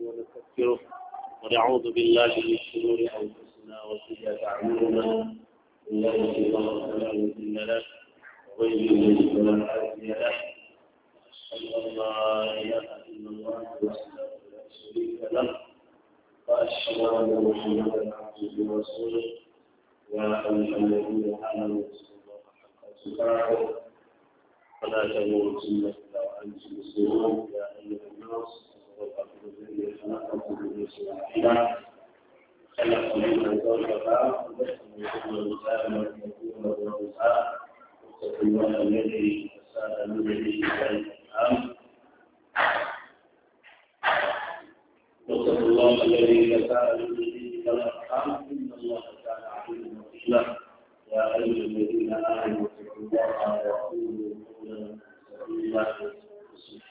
ونستغفره ونعوذ بالله من شرور أنفسنا وسيئات أعمالنا من يهده الله فلا مضل له ومن يضلل فلا هادي له أشهد أن لا إله إلا الله وحده لا شريك له وأشهد أن محمدا عبده ورسوله يا أيها الذين آمنوا اتقوا الله حق تقاته فلا تموتن إلا وأنتم مسلمون يا أيها الناس اتقوا ربكم الذي خلقكم من واحدة خلق منها زوجها الله الذي تساءلون به والأرحام واتقوا الله إن الله كان عليما رحيما يا أيها الذين آمنوا اتقوا الله وقولوا قولا سديدا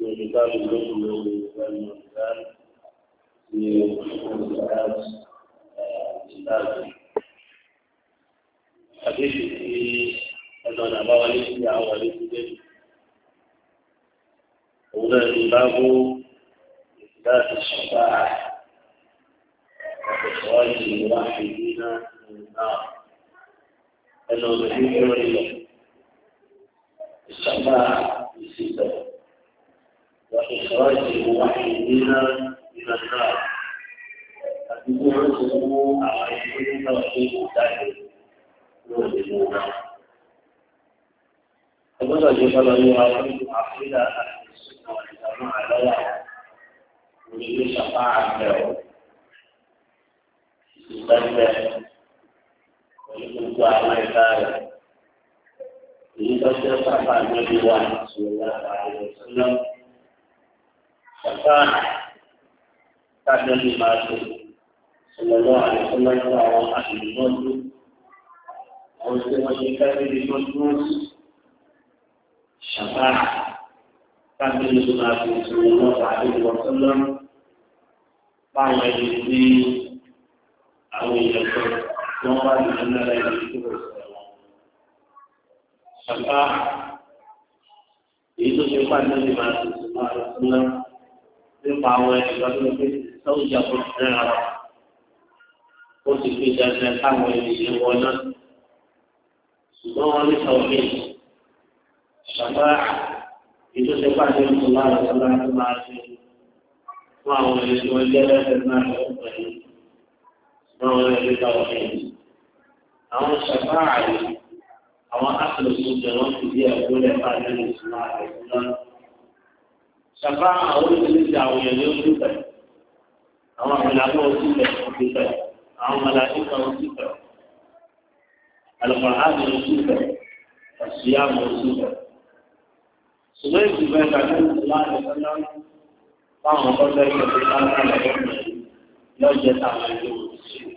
من كتاب الحكم والميزان في مصطلحات الكتاب حديث في أن أنا بغلي في أولي في هنا باب إثبات الشفاعة وإخراج الموحدين من النار أنه نبي الله الشفاعة في سته وإخراج موحدنا من النار أتبعوا على يدين توحيد الداخل يؤمنون فمن جبل يراود عقيدة أهل السنة والجماعة لا يريد شفاعة له يستنبه ويقول على ذلك لتشفع النبي صلى الله عليه وسلم kan kájọ ní máa ṣe ṣọlọ́lọ́ àìsọ́lọ́ ní àwọn àdìmọ́jú àwọn tí wọ́n ṣe kájọ ní mọ́jú ṣàbá kájọ ní máa ṣe ṣọlọ́lọ́ àìsọ́lọ́ báwọn ẹni tí àwọn èèyàn kan tí wọ́n bá lè ní ẹni tó rẹ̀ sọ̀rọ̀ ṣàbá èyí tó ṣe pàdé ní máa ṣe ṣọlọ́lọ́ nípa àwọn ènìyàn tó ń pè sọ́wọ́jà tó ń ara ó sì fi dandan káwọn ènìyàn wọn náà ṣùgbọ́n wọn ní sọ̀rọ̀ ṣàbá ìtúnṣe pàṣẹ ìṣúná ìṣúná tó máa ṣe fún àwọn ènìyàn wọn jẹ́ lẹ́sẹ̀ náà ló pẹ̀lú ṣùgbọ́n wọn ní sọ̀rọ̀ àwọn ṣàbá àyè àwọn aṣọ ìṣúná wọn ti di ẹ̀kọ́ lẹ́fà nínú ìṣúná ìṣúná ṣàfà àwọn oríṣiríṣi àwọn èèyàn ló ń dúpẹ́ àwọn àmàlàkọ́ òṣìṣẹ́ òṣìṣẹ́ àwọn màlàkíkà òṣìṣẹ́ àlùfáàdì òṣìṣẹ́ àṣìyàmù òṣìṣẹ́ ṣùgbọ́n ìṣùgbọ́n ìgbàgbọ́ ìṣùgbọ́n ìṣùgbọ́n fáwọn ọ̀pọ̀lọpọ̀ ìṣẹ̀lẹ̀ láńkà lẹ́yìn yóò jẹ́ táwọn ẹgbẹ́ òṣìṣẹ́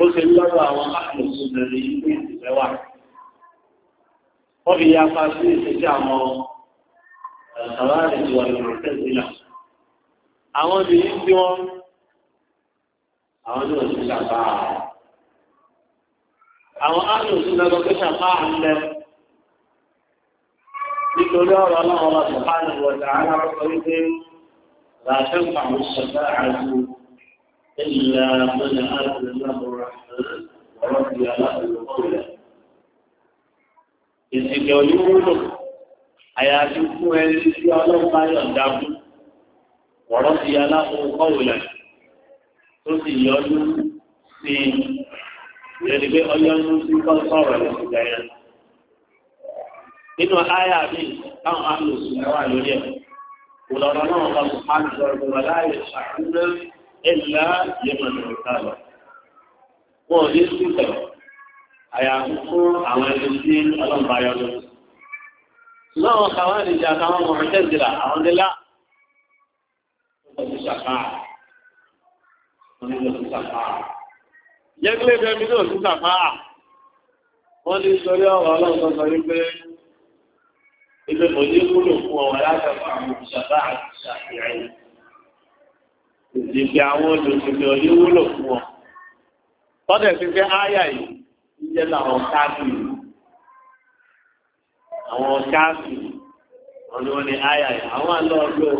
ó ṣe ń lọ́rọ̀ àwọn àlùfáàdì òṣìṣẹ́ wà wọ́n fi yapa sí ìṣẹ́ṣẹ́ àwọn الخوارج والمعتزلة àwọn obìnrin tí wọ́n àwọn ní òsì ṣàfáà àwọn àmì òsì lọ́gbọ́n pé ṣàfáà ń lẹ nítorí ọ̀rọ̀ náà wọ́n ṣàfáà ní wọ́n tààrà ọkọ̀ wípé làṣẹ́ pàmò ṣàfáà àti ìlà mọ́nà àti ìlàbọ̀rọ̀ ọ̀rọ̀ ìyàlá ìlú kọ́lẹ̀ ìsìnkẹ̀ òní wúlò àyàfi fún ẹni tí ọlọ́run bá yọ̀ǹda fún wọ̀rọ̀ ti aláwọ̀ kọ́wùlẹ̀ tó sì yọjú sí ìrẹ́ni pé ọyọ́nú sí kọ́ sọ̀rọ̀ rẹ̀ sí gẹ̀yẹ́. nínú àyà mi táwọn alòsùn mẹ́wàá lórí ẹ̀ kò lọ́rọ̀ náà lọ sí pàṣẹ ọ̀rọ̀ láyé ṣàkúrẹ́ ẹ̀lá yẹmọ̀nà ìta lọ. ní sí àyàfi fún àwọn ẹni tí ọlọ́run yọjú sí láwọn kàwárí jà káwọn ọmọ ọ̀rẹ́ jìlá àwọn délá ọjọ́ ìṣàkà onílò ìṣàkà jẹ́gbẹ́ ìfẹ́mi náà sí ìṣàkà wọ́n ní sórí ọ̀rọ̀ ọlọ́sọ sọ wípé ibi kò ní kúrò fún ọ̀rọ̀ látọ̀kọ̀ àwọn ìṣàkà àti ìṣàkìrẹ́ ìdìbì àwọn olùsìnkì òní wúlò fún ọ àwọn káàfì wọn ni wọn ni àyà yìí àwọn àlọ́ ọ̀dọ́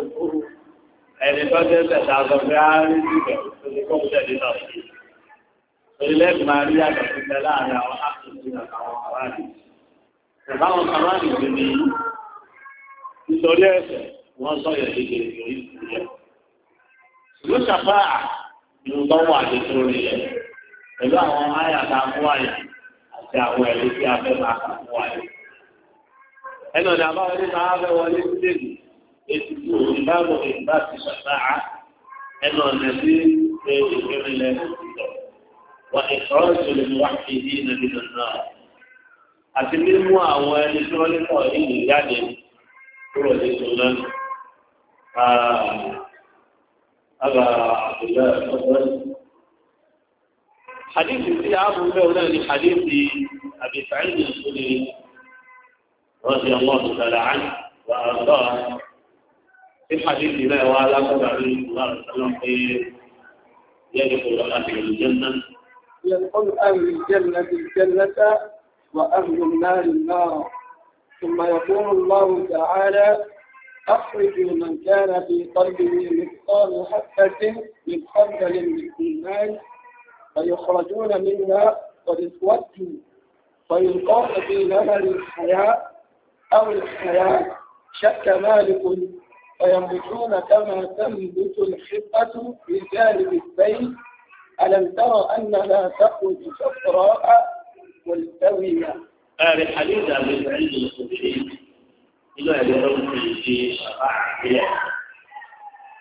ẹni tó dé tẹ̀sà àgbọ̀fẹ́ àárín ìgbẹ̀ tó ti kọ́ tẹ̀lé náà sí. orílẹ̀-èdè máa rí àgbà tó tẹ láàrin àwọn ákùnrin àtàwọn àwárí. ìbáwọn kàmáàlì ti ní nítorí ẹ̀sẹ̀ wọ́n sọ̀yọ̀ lédè ìròyìn ìpínlẹ̀. ìlú sàfà ni àyà àti àwọn ẹ̀rí tí a fẹ́ máa kà mú ẹ̀nà ọ̀dà bá wọlé máa fẹ́ wọlé sílẹ̀lì ètò ìbáwò ìgbà ti sàtàá ẹnu ọ̀dà sí pé ìgbẹ́rin lẹ́nu ìtọ̀ wà ìṣòro ìṣòro wà kéde nàbí nàná àti mímú àwọn ẹni tí wọ́n lé pọ̀ nínú ìjáde kúrò nínú náà. أبا عبد الله حديث في عام حديث أبي سعيد الخدري رضي الله تعالى عنه وأرضاه في حديث لا وعلى صلى الله عليه وسلم في يدخل أهل الجنة يدخل أهل الجنة الجنة وأهل النار النار ثم يقول الله تعالى أخرجوا من كان في قلبه مثقال حبة من خردل من إيمان فيخرجون منها قد اسودوا فيلقون في نهر الحياة أو الحياة شك مالك وينبتون كما تنبت الحقة في جانب البيت ألم ترى أنها تخرج صفراء ملتوية هذا الحديث عن العلم الخبري إلا يرون في شفاعة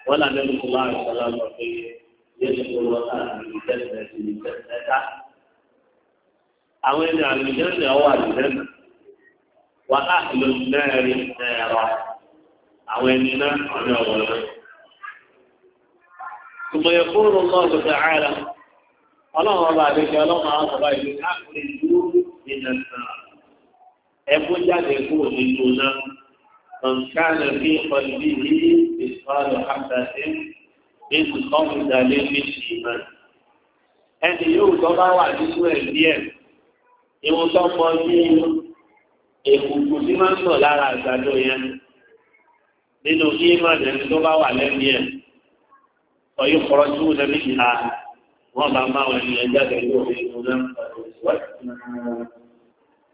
ولا النبي صلى الله عليه وسلم يدخل الوطن من جنة من جنة أو أن الجنة هو الجنة wà á lò lẹ́ẹ̀rin náírà àwọn ẹni náà ọ̀nà ọ̀wọ̀ náà. ثم يقول الله تعالى ọlọ́run ọba àdéhùn ọlọ́run àwọn ọba ìlú káàkiri ìlú nínú ẹ̀sán ẹ̀kú jáde kú nínú náà nǹkan fi ọ̀lì yìí ìsọ̀rọ̀ àtàtì ní ìsọ̀mùdálé ní ìmọ̀ ẹni yóò tọ́ bá wà nínú ẹ̀ díẹ̀ ìwọ̀n tó mọ ní èkùkù tí máa ń sọ̀ lára àgbàdo yẹn nínú kí má dẹni tó bá wà lẹ́nu yẹn ọ̀yọ́ kọ̀rọ̀ tí wọ́n lẹ́nu ìhà wọ́n bá máa wọn ènìyàn jáde ní òfin ìlú náà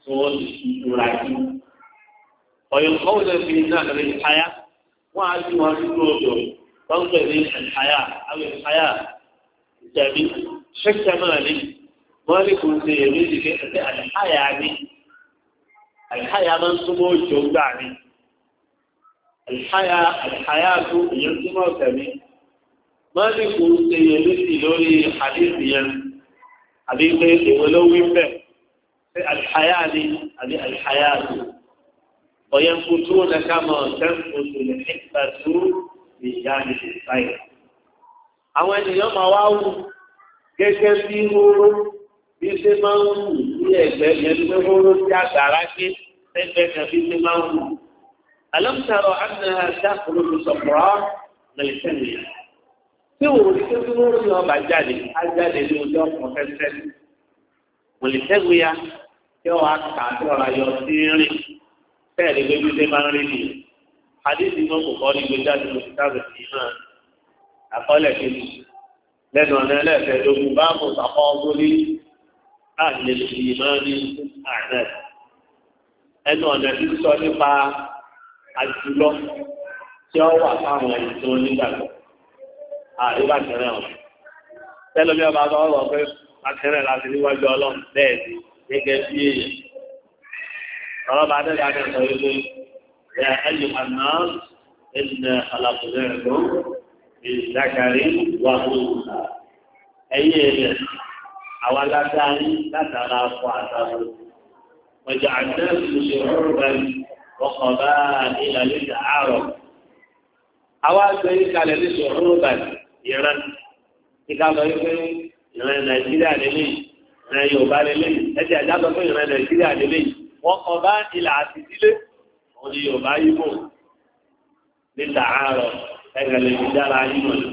tí wọ́n sì fi ìtura jù. ọ̀yọ́ kọ̀rọ̀ lẹ́nu fi náà lẹ́nu ìhàyà wọ́n á ju wọn nínú odò wọ́n pè ní ìhàyà àwọn ìhàyà ìjẹ̀bi ṣẹ́kẹ́ náà ní wọ́n lè kó ṣe èmi ìdílé àti àlẹ́ àlìháyà máa ń súnmọ́ òjò gbà ní àlìháyà àlìháyà tó èèyàn súnmọ́ ọ̀sẹ̀ mi máa ní kò ṣe yẹn létí lórí àdéhùn yẹn àbí pé èwo ló wí bẹ́ẹ̀ pé àlìháyà ni àbí àlìháyà tó ọ̀yẹ́ ń kú tó lẹ́ka mọ̀ ṣẹ́ǹkù tó lè ní tó ìyá ni lè sáyẹ̀. àwọn ènìyàn máa wá wù gẹ́gẹ́ bí wóró bí ṣe máa ń wù sí ẹ̀gbẹ́ yẹn tó fẹ́ wọ́n ti àgbàrá gé ẹgbẹ́ kan fi ṣe máa ń wù. alámùsàrọ̀ àdínà dákúrò ló sọ̀rọ̀ lẹ́yìn sẹ́nu yẹn. tí wò ó ké tí wọ́n rí ọba jáde á jáde ní ojú ọkùnrin fẹ́fẹ́. kò lè sẹ́gun ya kí ọ wá kà sí ọ̀rọ̀ ayọ̀ sí rìn bẹ́ẹ̀ ni gbé gbígbé máa ń rí ni. àdéhùn iná kò kọ́ ní gbéjáde ló ti dábẹ̀ sí náà. àkọọ́lẹ̀ àlè ìmọ̀ọ́nì àná ẹnu ọ̀nà tí sọ nípa àjùlọ tí ó wà fáwọn ẹni tí wọ́n nígbàgbọ́ àríwá kẹrẹ ọ̀hún tẹ́lẹ̀ bí ọba bá wọ̀ pé akẹrẹ láti níwájú ọlọ́run bẹ́ẹ̀ ni gẹ́gẹ́ bí èèyàn ọ̀rọ̀ bá dẹ́gbà ní ọ̀sán wípé ẹ̀ ẹ̀yìn àná ẹ̀yìn àlàkùnrin ẹ̀gbọ́n ìdákàrí wà fún ẹ̀yìn èèyàn àwọn alágbárí látara akọ àtàwọn ọjà àdéhùn ṣe rúbẹn ọkọ bá ìlàlẹ ìdàárọ àwọn agbẹyìn kalẹ̀ ní ṣe rúbẹn ìran ìkàlọ yìí pé ìran nàìjíríà lélẹ ìran yorùbá lélẹ ẹjẹ àjàgbọ pé ìran nàìjíríà lélẹ wọn kọ bá ìlà àti ìdílé òní yorùbá yìí bò ní ìdàárọ ẹgbẹ̀rún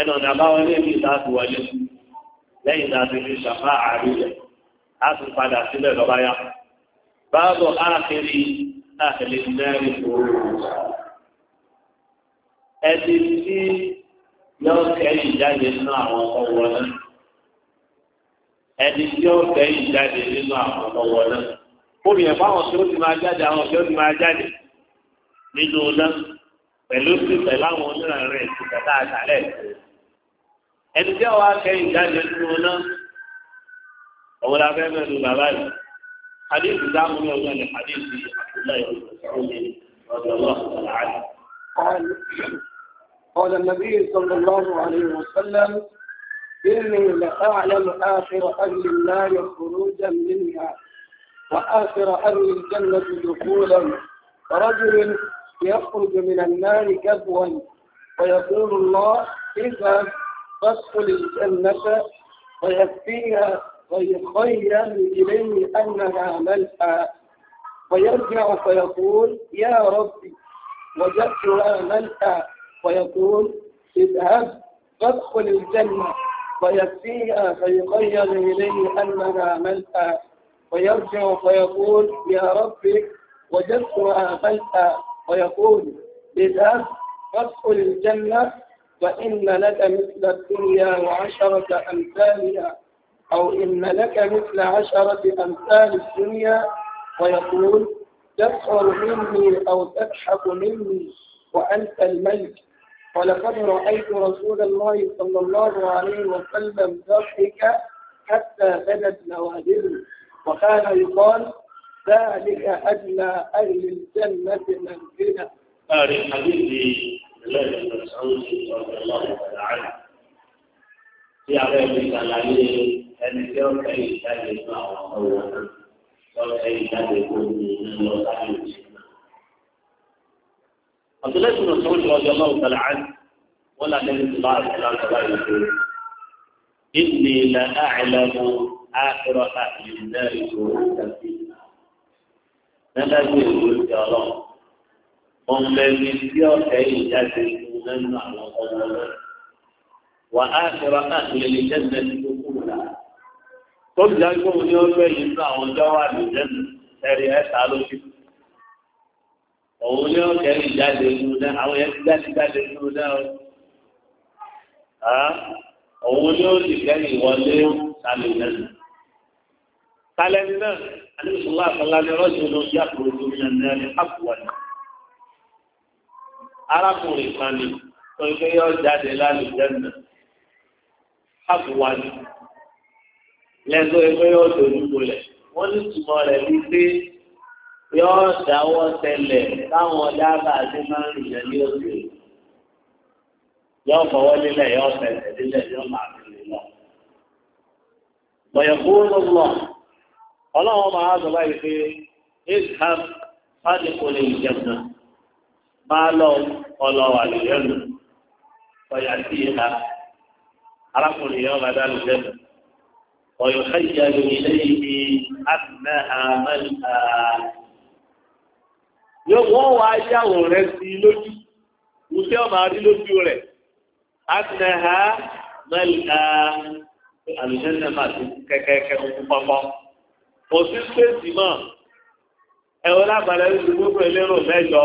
ẹnu ọ̀nà àbáwọn ilé mi láti wọlé lẹ́yìn láti fi ṣàfá àríyẹ láti padà sílẹ̀ lọ́ba yá. báàbọ̀ áàkiri àkẹlẹ̀ mẹ́rin òru ẹni tí yóò kẹ́yìn jáde nínú àwọn ọwọ́ náà ẹni tí yóò kẹ́yìn jáde nínú àwọn ọwọ́ náà omi ẹ̀fọ́ àwọn tí ó ti máa jáde àwọn tí ó ti máa jáde nínú náà pẹ̀lú sí pẹ̀lú àwọn onírànrẹ̀ ìtìkẹ́ láàtàlẹ̀ ìtìkẹ́. ẹni tí ọwọ́ akẹ́yìn اور nínú ọ̀nà ọ̀wọ́ la fẹ́ mẹ́rin bàbá yìí hadithu dáhùn ní ọjọ́ ní hadithu قال النبي صلى الله عليه وسلم إني لأعلم آخر أهل النار خروجا منها وآخر أهل الجنة دخولا رجل يخرج من النار كبوا ويقول الله إذا فادخل الجنة ويكفيها ويخيل إليه أنها ملأى ويرجع فيقول يا ربي وجدتها ملأى ويقول اذهب فادخل الجنة ويكفيها فيخيل إليه أنها ملأى ويرجع فيقول يا ربي وجدتها ملأى ويقول اذهب فادخل الجنة فإن لك مثل الدنيا وعشرة أمثالها أو إن لك مثل عشرة أمثال الدنيا ويقول تسخر مني أو تضحك مني وأنت الملك ولقد رأيت رسول الله صلى الله عليه وسلم ضحك حتى بدت نوادره وكان يقال ذلك أدنى أهل الجنة منزلا. هذا الحديث الله بن مسعود رضي الله تعالى عنه في عباد تعالى أن يوم أي كان يسمع صوتا يوم أي كان يكون من الوسائل عبد الله بن مسعود رضي الله تعالى عنه ولا النبي صلى الله عليه وسلم إني لأعلم أعلم آخر أهل النار شروطا فيها. نبي يقول يا الله ọmọlẹ́ni tí ọ̀tẹ̀ yìí jáde fún lẹ́nu àwọn ọmọ náà. Wà á ṣẹ̀rọ káàkiri lè jẹ́sẹ̀ tí ó kù rà. Tó bí dájú òun ni ó fẹ́ yìí fún àwọn ọjọ́ wà ní jẹ́nu ẹ̀rí ẹ̀ta lójú. Òun ni ọ̀tẹ̀ yìí jáde fún lẹ́nu àwọn yẹn ti jáde jáde fún lẹ́nu. Òun ni ó sì kẹ́yìn ìwọlé sálẹ̀ jẹ́nu. Sálẹ̀ ni náà, àdébùsùn láàfọlá ni ọlọ́sìn ló yàtọ̀ arákùnrin kan ni tó ń pé yọ jáde lálùjẹ́nà àbúwájú lẹ́tọ́ ẹgbẹ́ yọ dojú bolẹ̀ wọ́n ní tùmọ̀ rẹ̀ ní pé yọ dáwọ́ tẹlẹ̀ táwọn dábàá ti máa ń rìn yẹn ní òkè yọ fọwọ́ nílẹ̀ yọ tẹ̀lẹ̀ nílẹ̀ yọ máa fi lè lọ. bọ̀yẹ̀ kúrò ló lọ ọlọ́wọ́n máa sọ báyìí pé ishab fádìkù lè jẹun náà máa lọ ọlọ́wà lẹ́nu ọ̀yà sí ìhà arákùnrin yẹn ọba dá lẹ́nu ọ̀yọ̀ kẹ́yà lórí lẹ́yìn ní àtúnẹ̀ àmẹ́lá. yóò wọ́n wá yàwó rẹ̀ sí lójú wùsẹ́ ọmọ àrí lójú rẹ̀ àtúnẹ̀ àmẹ́lá àlùjẹ́nẹ̀ máa ti kẹ́kẹ́kẹ́ fún pọ́pọ́. òsín pèsè mọ́ ẹ̀rọ lábàlẹ́ ìdúgbò pẹ̀lú ẹlẹ́rọ mẹ́jọ.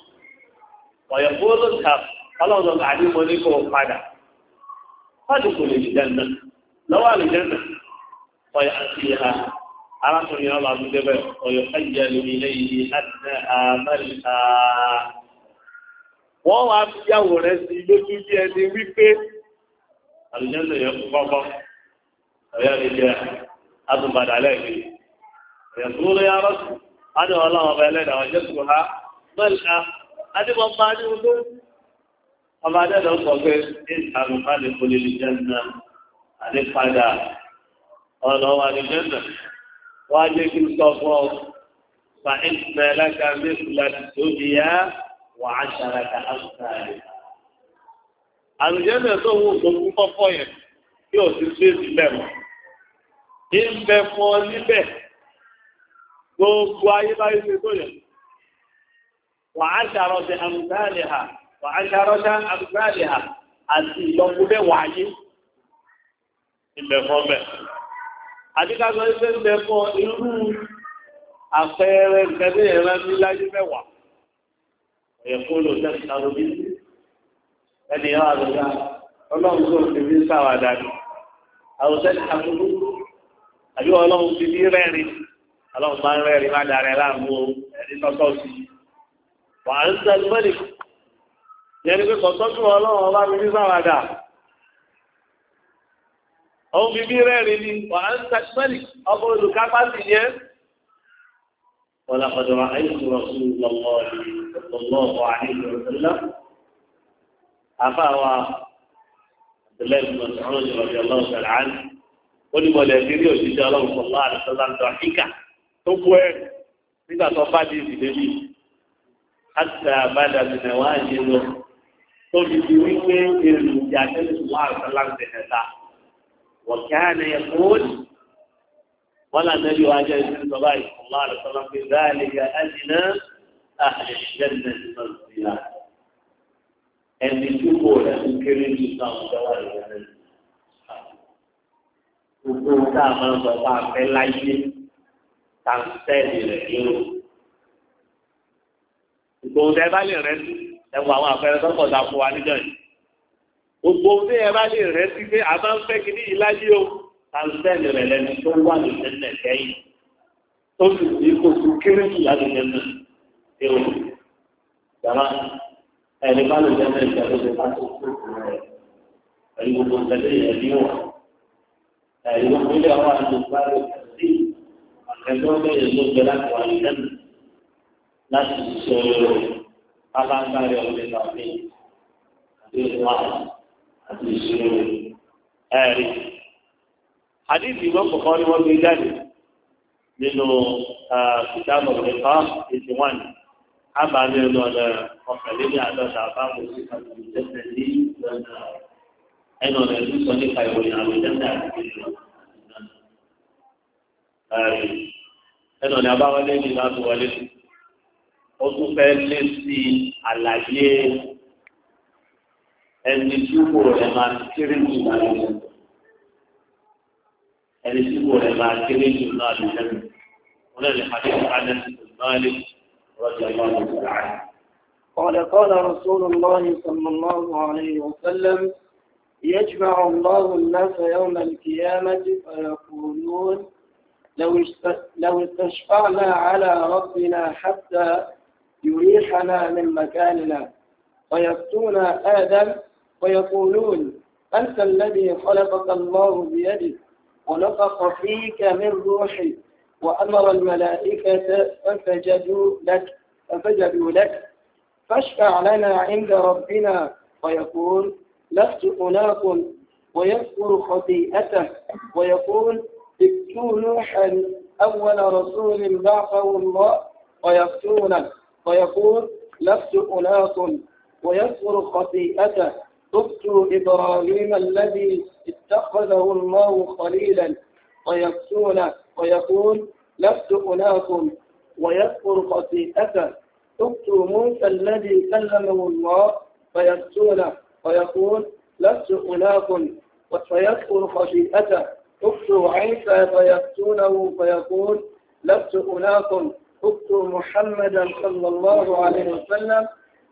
ọ̀yọ̀ kó ló ta ní kó padà fọ́ọ̀dù lè jẹ́ lọ́wọ́ àlùjẹ́ nà ọ̀yọ̀ àti ìhà arákùnrin ọba àbúdé bẹ́ẹ̀ ọ̀yọ̀ ẹ̀jẹ̀ lómi lẹ́yìn láti ná wọ́n wá fi yàwó rẹ̀ sí lójú bí ẹni wípé àlùjẹ́ yẹn kú kọ́kọ́ ọ̀yọ̀ lè jẹ́ àtúnpadà lẹ́ẹ̀kì ọ̀yọ̀ kúrò yàrá adùn ọlọ́run adébọ̀ bá ní ọdún ọba adẹ́dọ̀ sọ pé ní àlùfáà lè kó lè lè jẹ́ náà àdépadà ọ̀nà wà ní jẹ́nà wọ́n á jẹ́ kí n sọ fún ọ fa ìsìnà ẹ̀láka mẹ́fìlá tó di yá wà á ṣàràkà áṣàrẹ̀. àlùjẹ́nà tó wù gbogbo fọ́fọ́ yẹn tí ò sí sí ìbílẹ̀ mọ́. ń fún ọ níbẹ̀ gbogbo ayé báyé ṣe tó yẹn. Wa àmúgbáàlìhà wàásàrọ̀ṣẹ̀ àmúgbáàlìhà àti ti fi sáwàdà ni àwòsẹ́ àkókò àbí ọlọ́run ti fi rẹ́rìn ọlọ́run máa wà á ń sẹ́lú mẹ́lì yẹni pé kọ̀tọ́jú ọlọ́run ọba mi ní sáwàdà òun fi bí rẹ́rin ni wà á ń sẹ́lú mẹ́lì ọba olùkápá sì yẹ ولقد رأيت رسول الله صلى الله عليه وسلم أفاوى عبد الله بن مسعود رضي الله تعالى عنه قل ولدي وجد الله صلى الله عليه وسلم ضحكة تقوى إذا صفاتي في دبي àtà àbádà bìnà wá yé lọ tóbi ti wípé èròjà tẹ́lẹ̀ wà láǹtẹ̀ ẹ̀ta wọ̀kẹ́hánà yẹ fún wọn là nẹ́bí wa jẹ́ ìṣẹ́ sọ báyìí ọmọ àlùfọ́lá pé báyìí ga ẹ̀jìnà àhàlẹ̀ ìṣẹ́lẹ̀ nìkan sí i ẹni tí kò rẹ̀ ń kéré ní ìsàwọn ìjọba ìrẹ̀lẹ̀ gbogbo tá a máa ń sọ fún afẹ́ láyé tá a ń tẹ́lẹ̀ rẹ̀ yóò gbogbo ẹ bá lè rẹ sí ẹwọ àwọn àpẹẹrẹ sọpọ ta fún wa níjọ yìí gbogbo ẹ ẹ bá lè rẹ sí pé a máa ń fẹ́ kí ní ìlàjì o àǹfẹ́ẹ̀lì rẹ lẹni tó wà ní tẹ́lẹ̀ kẹ́yìn tó sì sí kò sí kéré jù láti tẹ́lẹ̀ ṣe o yàrá ẹni bá lè tẹ́lẹ̀ ìjọba ṣe bá tó kú rẹ ẹni gbogbo tẹ́lẹ̀ yẹn ní wà ẹni gbogbo ilé ọwọ́ àti ìgbà rẹ sí àkẹ́kọ̀ọ́ bẹ́ẹ̀ ló gbẹ láti wà ní tẹ́lẹ̀ láti ṣiṣẹ́ olóró alágbára ọ̀gbìn tàbí àti ìwà àti ìṣirò ẹ̀rí. Àdìsí ìgbọ́pọ̀ kan ni wọ́n gbé jáde nínú kìtàbù ìfọ́ eighty one ábàámi ọlọ́dọ̀ ọ̀kànlélẹ́ àádọ́ta àbámu sí àtúntò tẹ́tẹ́ ní lọ́dọ̀ ẹnu ọ̀nà ìlú sọ nípa ìròyìn àwọn ìjẹ́ńdà àti ìròyìn ẹnu ọ̀nà àbáwọlé ni láti wọlé tuntun. ó tún fẹ́ lé sí àlàyé ẹni tí kò rẹ̀ máa kéré jù náà lè jẹ́ ẹni tí kò rẹ̀ máa kéré jù náà lè jẹ́ wọn lè pàdé ìpàdé náà lè rọ́jà náà lè jẹ́ àárẹ̀. قال قال رسول الله صلى الله عليه وسلم يجمع الله الناس يوم القيامة فيقولون لو استشفعنا على ربنا حتى يريحنا من مكاننا ويأتون آدم ويقولون أنت الذي خلقك الله بيده ونفخ فيك من روحي وأمر الملائكة فسجدوا لك فسجدوا لك فاشفع لنا عند ربنا ويقول لست أناق ويذكر خطيئته ويقول ابتوا نوحا أول رسول بعثه الله ويقتونه فيقول لست أناس ويذكر خطيئته تبت إبراهيم الذي اتخذه الله خليلا فيكسون ويقول لست أناس ويذكر خطيئته تبت موسى الذي كلمه الله فيكسون ويقول لست أناس ويذكر خطيئته تبت عيسى فيكسونه فيقول لست أناس خفت محمدا صلى الله عليه وسلم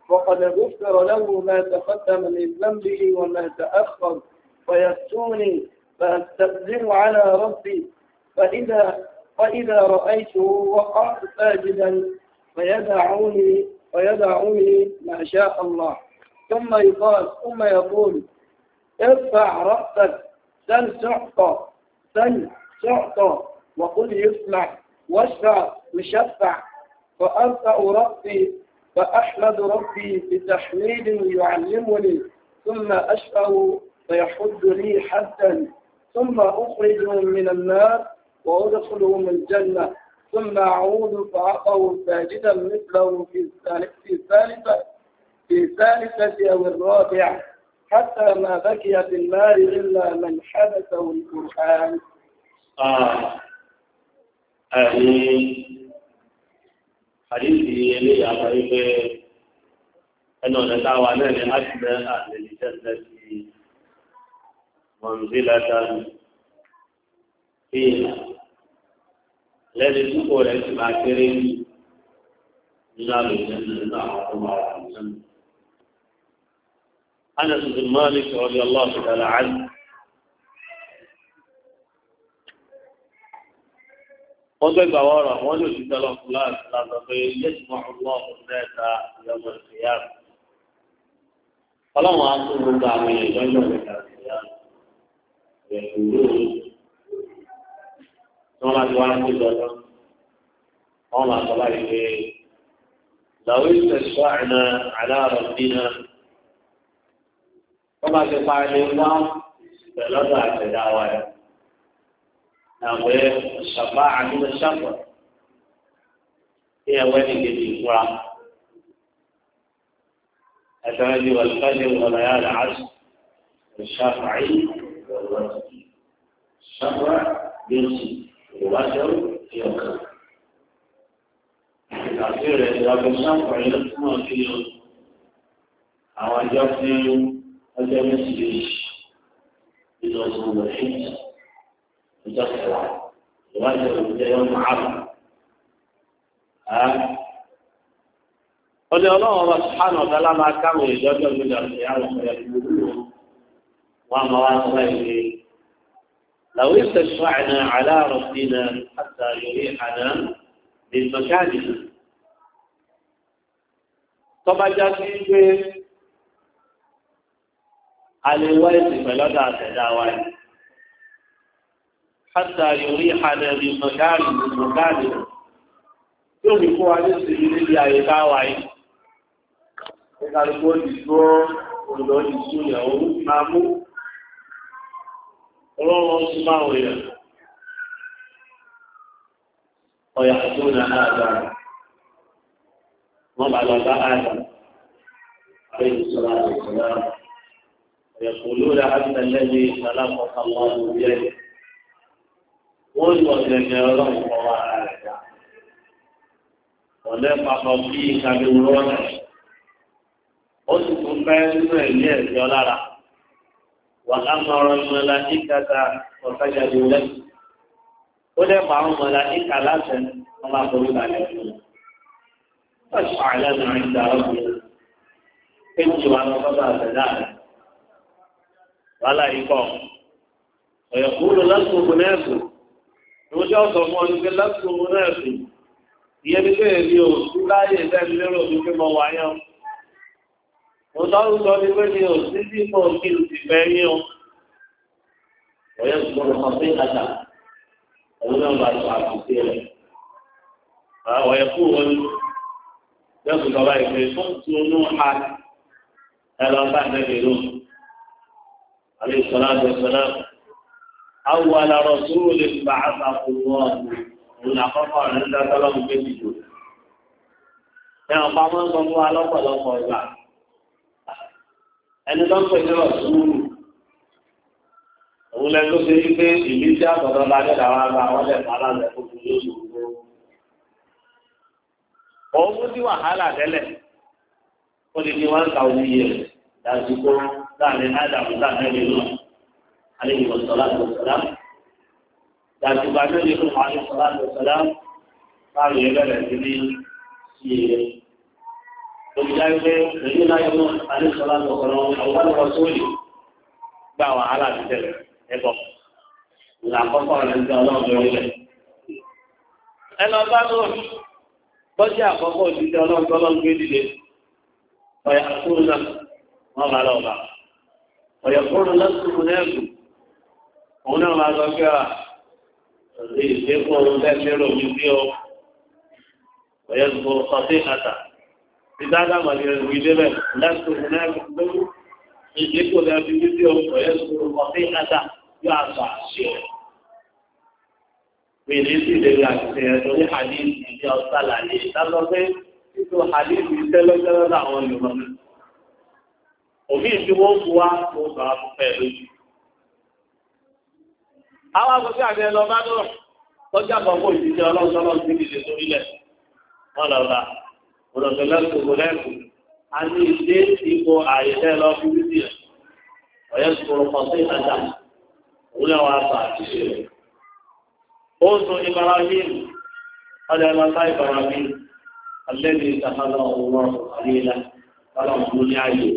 وقد غفر له ما تقدم من ذنبه وما تأخر فيفتوني فأستقدم على ربي فإذا فإذا رأيته وقعت ساجدا فيدعوني فيدعوني ما شاء الله ثم يقال ثم يقول ارفع رأسك سل تعطى سل تعطى وقل يسمع واشفع مشفع فأرفع ربي فأحمد ربي بتحميد يعلمني ثم أشفع فيحد لي حدا ثم أخرجهم من النار وأدخلهم الجنة ثم أعود فأقع ساجدا مثله في الثالثة في الثالثة أو الرابعة حتى ما بكي في النار إلا من حدثه القرآن. آه. ẹ̀yìn àdìsí eléyà àtàrí pé ẹnà ọ̀nà táwa náà ni àtìlẹ́ àtẹ̀lẹ́jẹ́ lẹ́sí mọ̀nzílátà fi lẹ́ni túbọ̀ rẹ̀ ti máa kéré ní nínú àlùjẹ́ nínú àwọn ọmọ àwọn ọmọ. أنس بن مالك رضي الله تعالى عنه wọ́n gbé gbà wọ́ọ̀rọ̀ wọ́n ní òṣìṣẹ́ ọlọ́kùnrin láti lọ pé yéṣu máa ń lọ ọkùnrin mẹ́ta ìyọmọ ìṣẹ̀yà ọlọ́run á tún gbogbo àwọn èèyàn lọ́jọ́ ìgbà ìṣẹ̀yà ẹ̀kú lóòrùn tí wọ́n bá ti wá sí lọ́dọ̀ wọ́n máa sọ báyìí pé làwọn ìṣẹ̀ṣọ́ àná àdáàrọ̀ nínú wọ́n bá ti parí wá ìṣẹ̀lọ́dọ̀ àtẹ̀dá wa yẹn. àwẹ̀ ṣàbá àdúrà ṣàbọ̀ kí àwẹ̀ ní kejì ìfura ẹ̀sán ní wàlúkàdé wàlàyà làásù ìṣàfàáyì wàlúwàsì ṣàbà yóòsì ìwádìí ìyọkàn. Ìgbàgbé rẹ̀ ìgbàgbé ṣàfàáyì ló túmọ̀ sí o. Àwọn ọjọ́ tí ọjọ́ méjì lè ṣe nínú ọdún wọ̀nyí. ìjọ kẹwàá ìwádìí olùdíje yóò mọ àrùn. ọdẹ ọlọ́wọ́ bá sùpánù ọ̀dọ́lá máa káwọn ìjọjọ́ ìjọba ìyá ọ̀sẹ̀ wọn máa wá sọ ìwé. لو استشفعنا على ربنا حتى يريحنا من مكانه tọ́ba já sí pé a lè wá ìsìn pẹ̀lú ọ̀dà àtẹ̀dá wa حتى يريحنا الذي مكان من مكانه يوم يكون يسجد لله يتاوعي إذا لقوا الإسلام ولو يسجد يوم نامو الله الله سبحانه وتعالى ويحسون هو وضع لك آدم عليه الصلاة والسلام ويقولون أن الذي خلقك الله بيده ó yọ ìrẹ̀lẹ̀ ọlọ́run kọ́ wa ara rẹ̀ dá. ọ̀lẹ́ papọ̀ bí ìkàlẹ̀ òwúrọ̀ náà ó sì tún fẹ́ nínú ẹ̀mí ẹ̀jọ́ lára. wà á mọ̀rọ̀ ìmọ̀lá ìkàtà ọ̀sájà ló lẹ́ ó dẹ́ pa àwọn ọmọlá ìkà láṣẹ wọn bá forí balẹ̀ fún un. wọ́n ṣe àlẹ́ mi rìn dàrú mi. kéjì wa lọ sọ́dọ̀ àtẹ̀dá rẹ̀. wàhálà yìí kọ́ ọ̀yọ̀kú ló lọ́sùn ògùn náà sùn ìwọ́jọ́ ọ̀sọ̀ fún ọdún pé lásìkò mú náà sí ìyẹn ní pé èmi ò sí láyé ìdẹ́ni lérò ní pé mo wà yán mo sọ́run sọ ní pé mi ò sí sí mọ̀ kí n sì fẹ́ yín o ọ̀yẹ́ ìgbọ́n kan pé kàtà ẹ̀rú náà bá sọ àtúnṣe rẹ̀ ọ̀yẹ́ kú wọn lẹ́kùn tọ́ba ìpè fún tunú ha ẹ̀rọ bá nẹ́bí lóhùn àbí sọ́lá bẹ́ẹ̀ awwala rasulin ba'athahu Allah òun àkọ́kọ́ rẹ̀ ń dájọ́ lọ́wọ́ méjì jù. Ẹ ọ̀pá máa ń sọ fún wa lọ́pọ̀lọpọ̀ ìgbà. Ẹni tó ń pè ní ọ̀sùn òun lẹ́nu ṣe yí pé ìlú tí àtọ̀dọ̀ bá dé làwọn àgbà wọn lẹ̀ fà láti ẹ̀kọ́ fún lóṣù gbogbo. Òun mú sí wàhálà tẹ́lẹ̀. Ó lè ní wá ń ta omi yẹ̀ dàsìkò láàrin láàrin ìlú náà. عليه الصلاة والسلام لكن بعد ذلك عليه الصلاة والسلام قال يا بلى الجميل سيئة وبذلك الذي لا يموت عليه الصلاة والسلام أول رسول دعوة على بذلك ẹ̀kọ́ làkọ́kọ́ rẹ̀ ń tẹ ọlọ́run lórí rẹ̀. ẹ lọ bá lọ bọ́sí àkọ́kọ́ òṣìṣẹ́ ọlọ́run tó lọ́n gbé dìde ọ̀yà kúrú náà wọ́n bá lọ bá ọ̀yà kúrú náà tó kù náà kù òun náà máa lọ sí à lè ṣe fún ọdún tẹ́lẹ̀ rò mí sí ọ ọ̀yẹ́ tó sọtí àtà ti dáadáa màdì rẹ̀ wí débẹ̀ lẹ́sùn ní ẹ̀kọ́ lórí ìdíkò lẹ́yìn fi mí sí ọ ọ̀yẹ́ tó sọtí àtà yóò àtọ̀ àṣẹ pèlè sí ìdèrè àṣẹ ẹ̀tọ́ ní hadith ìdí ọ̀sán làlẹ́ ìtàlọ́ pé títú hadith ìtẹ́lọ́jọ́lọ́ àwọn olùmọ̀ òfin tí fún wa tó bá fẹ́ lójú àwọn agbègbè àti ẹlọ bá dọ̀ tọ́jú àbọ̀wọ́ òṣìṣẹ́ ọlọ́sọ́lọ́ ti dìde sórílẹ̀ wọn lọ bá òdòdó lẹ́kùnkùn lẹ́kùn a ní ilé ipò àìsẹ́ lọ fi wí sí ẹ̀ ọ̀yẹ́ sọ̀rọ̀ pọ̀sí ìtajà òun àwọn àṣà àti ṣe rẹ̀. ó sọ ibrahim ọdẹ ọlọ́sá ibrahim alẹ́bí ìtàkàlọ̀ ọ̀wọ́ àríyìnlá ọlọ́run ló ní ààyè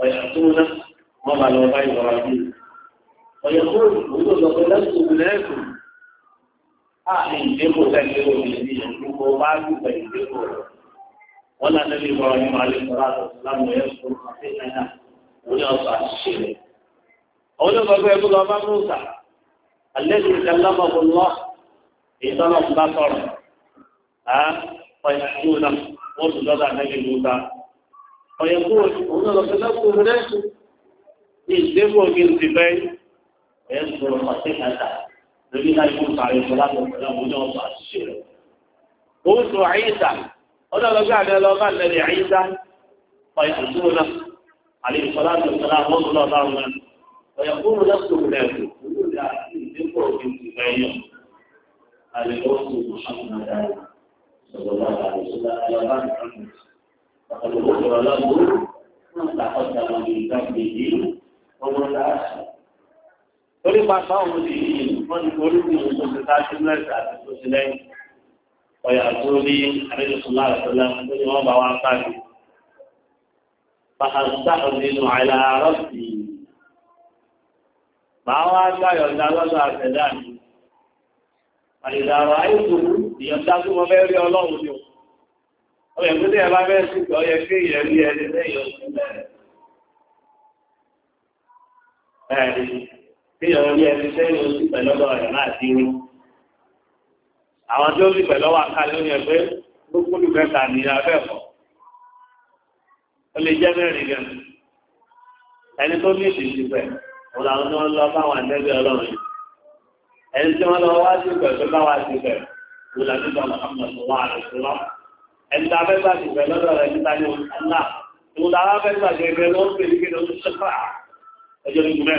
ọ̀yẹ́ ويقول وجود غلبت بلاكم أحن جيبو تكيرو بيدي جيبو باكو تكيرو ولا نبي إبراهيم عليه الصلاة والسلام ويذكر خطيئنا ويصع الشرك أولا بقى يقول أبا موسى الذي كلمه الله إذا لم بصر ها فيحجونه قلت لدى نبي موسى فيقول هنا لقد لكم هناك إذ جيبو كنت بيه ẹ̀ sọ̀rọ̀ pàṣẹ kàtà lórí láì fún sàrẹ̀ ìṣọ̀lá pẹ̀lú àwọn ní ọ̀sán àṣìṣe rẹ̀. ó sọ àyíṣà ọlọ́lọ́gbà àdé ọlọ́gbà lẹ́lẹ̀ àyíṣà ọ̀yàkùnrin náà àlè ìṣọ̀lá pẹ̀lú àwọn ọ̀sán ọ̀sán náà ọ̀yàkùnrin náà sọ̀rọ̀ lẹ́kùn owó ìdá ìdíkọ̀ òfin ti fẹ́ yàn. àlè ọ̀sán ìṣọ̀lá torí pàpà òun sì yìí wọ́n ti forí kù tó ti sáájú mẹ́ta àti tó ti lẹ́yìn ọ̀yà tó rí àdéjọsọ̀lá àtọ́lá tó ní wọ́n bá wá pàdé. Fàhàǹtà nínú àìlà rọ́ọ̀sì. Màá wá gbáyọ̀ ọ̀dà lọ́dọ̀ àtẹ̀dá mi. Àìlà ọ̀rọ̀ ayélujára ìyọ̀dá tó mọ fẹ́ rí ọlọ́run ni o. Ọ̀yẹ̀ tó dẹ̀ bá fẹ́ sùn ọ̀yẹ̀ kéèyàn kéèyàn Àwọn tí ó sì pẹ̀lọ́wọ́ àkàlẹ́ ní ẹgbẹ́ gbogbo mẹ́ta ní abẹ́ẹ̀kọ́. Ó lè jẹ́ mẹ́rin gan. Ẹni tó ní ìṣèṣì pẹ̀, òun làwọn tí wọ́n lọ báwọn ọlọ́run Ẹni tí wọ́n lọ wá sí pẹ̀ tó bá wá sí pẹ̀,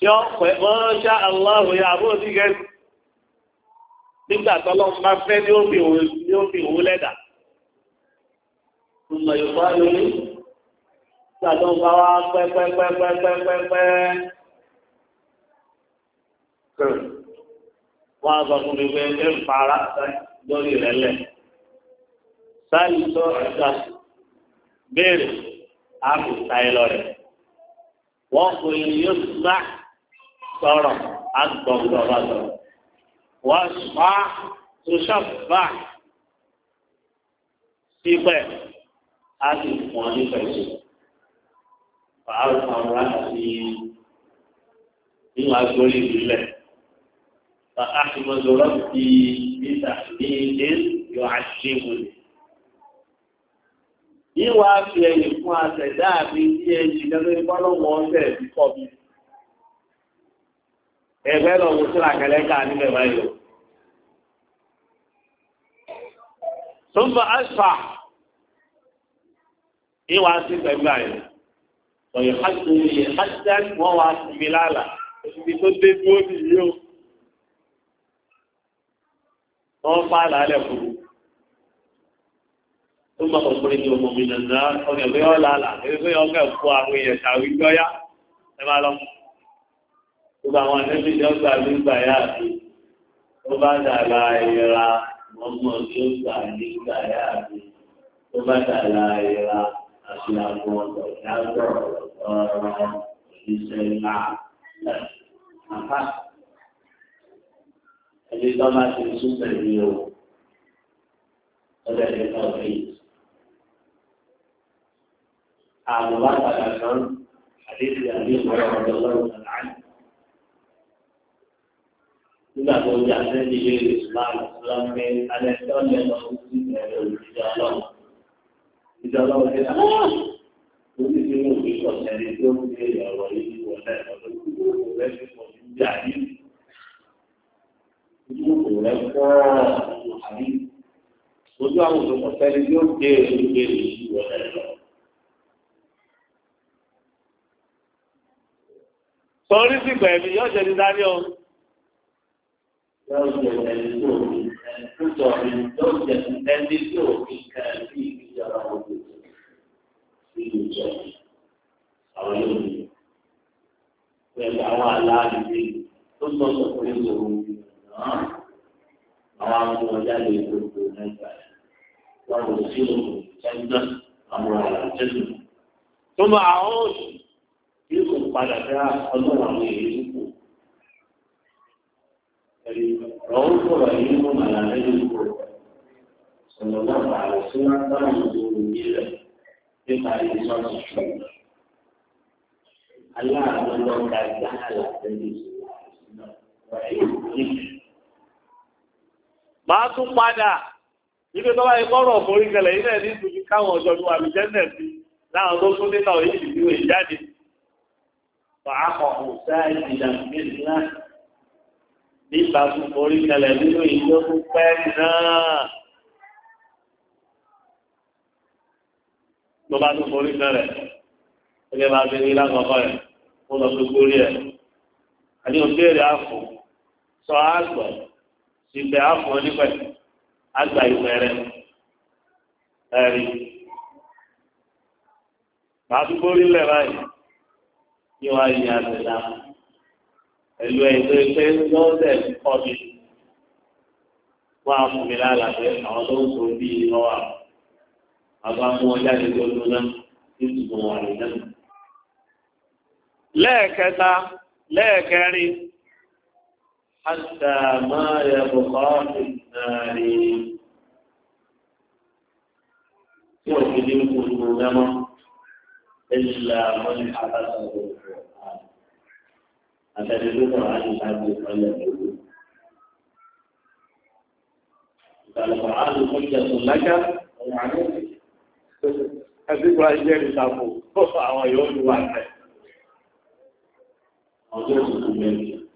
tí ó pẹ̀ mọ́ṣá aláwọ̀ ya àbúrò sí gẹ́gẹ́ nígbà tọ́lọ́ bá fẹ́ ní ó fi òun lẹ́dà ọmọ yorùbá lórí nígbà tó ń bá wá pẹ́pẹ́pẹ́pẹ́pẹ́pẹ́ wọ́n á sọ fún mi pé ẹ ń para lórí rẹ̀ lẹ̀ sáyì tó ẹ̀ka béèrè á kò sáyé lọ rẹ̀ wọ́n kò yẹ yóò gbà sọ̀rọ̀ agbọ̀gbọ̀ bá lọ. Wọ́n sọ sọ́sọ́fà sípẹ̀ á sì fún ọ nípa ìṣe. Bàá sọ̀rọ̀ àti nínú agbórí ìbílẹ̀. Bàá sì mọ sọ̀rọ̀ sí níta ní ilé yọ àṣìwò. Yíwá fi ẹ̀yìn fún àtẹ̀dá àbí tí ẹ̀yìn lọ́wọ́ ìbọ́lọ́wọ́ ọ̀sẹ̀ ìkọ́ mi ẹgbẹ́ lọ wo síra kẹlẹ́ ká níbẹ̀ báyìí o. sọ́nbà àṣà ìwà sí pẹ̀lú àyè ọ̀yọ̀ hàtú yẹ hàtú wọn wà fúnmi lálà ibi tó dé dúró nìyí o. wọ́n fa àlàálẹ̀ fún mi. sọ́nbà ọ̀pọ̀lọpọ̀ ní ọmọ mi nàná ọ̀nà ìgbéyàwó lálà ìgbéyàwó kẹ̀ fún àwọn èèyàn tàbí gbọ́yà ẹ máa lọ fún gbogbo àwọn ẹgbẹ́ ìjọba nígbà yá àti tó bá dàgbà ìra mọ́mọ́ tó gbà nígbà yá àti tó bá dàgbà ìra àti àwọn ọ̀dọ̀ yàtọ̀ ọ̀rọ̀ ìṣẹ̀ ńlá. Àpá ẹni tó bá ti súnmọ́ ẹ̀mí o, ọ̀dọ̀ ẹ̀mí kan rí. Àwọn bá kan, àdéhùn àdéhùn ọ̀rọ̀ ọ̀dọ̀ lọ́wọ́ kan láàyè nígbà tó ń jà sẹ́ni ilé ìsìláàmù lọ́pẹ́ alẹ́ tó lẹ́ lọ sí ẹ̀rọ ìjọ ọlọ́run. ìjọ ọlọ́run ti rà ó sì fi mú mi kọ̀ sẹ́ni tó ń gbé ọ̀rọ̀ yìí wọlé ọ̀rọ̀ ìgbòho rẹ̀ fi pọ̀ sí ìjà yìí. ìgbòho rẹ̀ pọ̀ àbí ojú àwọn òṣèlú sẹ́ni tó ń gbé ẹ̀rọ ìgbòho wọlé lọ. sọ orí sì gbẹ̀mí yọ̀ọ́ yóò jẹ ẹni tó mi ẹni tó jọ mi yóò jẹ ẹni tó mi kan bí ìjọba òde sí ìjọ àwọn yóò mi pẹ̀lú àwọn aláàbí tó sọ sọ pé ìṣòro mi náà àwọn akọ̀ọ̀jà lè gbogbo padà dá ọlọ́run àwọn èèyàn. رؤوف رحيم ملائكته صلى الله عليه Màá tún padà níbi tó bá yẹ kọ́rọ̀ forí kẹlẹ̀ ní ìtùjú káwọn ní sí láwọn tó tún ìjáde. ọ̀sẹ̀ nípa fún orí kalẹ̀ nínú ìjọ tó pẹ́ náà. Ló bá tún orí kalẹ̀, ẹgbẹ́ bá ti rí lákọ̀ọ́kọ́ rẹ̀, ó lọ sí gbórí ẹ̀. Àní òbéèrè àfò, sọ àgbọ̀, ìgbẹ́ àfò nípẹ̀, àgbà ìpẹ́ rẹ̀. Ẹ̀rí. Màá tún gbórí lẹ̀ báyìí, yóò wá yin àtẹ̀dá pẹ̀lú ẹ̀dọ́ ẹgbẹ́ lọ́sẹ̀ kọ́ mi wọ́n á fún mi lálàbẹ̀ àwọn tó ń sọ bí lọ́wọ́ àbá mú wọn jáde tó lọ́nà nítorí wọn àlè náà. lẹ́ẹ̀kẹta lẹ́ẹ̀kẹrin àtà máa yẹ bùkọ́ ìdárè tí òfin ní kò tó dáná ẹ̀ṣin làwọn àbáṣe òkú. عشان يقدر على الحاجة على الحدود. فالقرآن حجة لك يعني أزيد واحد جاي يسافر خص أو يوم واحد. أوجد سكمل.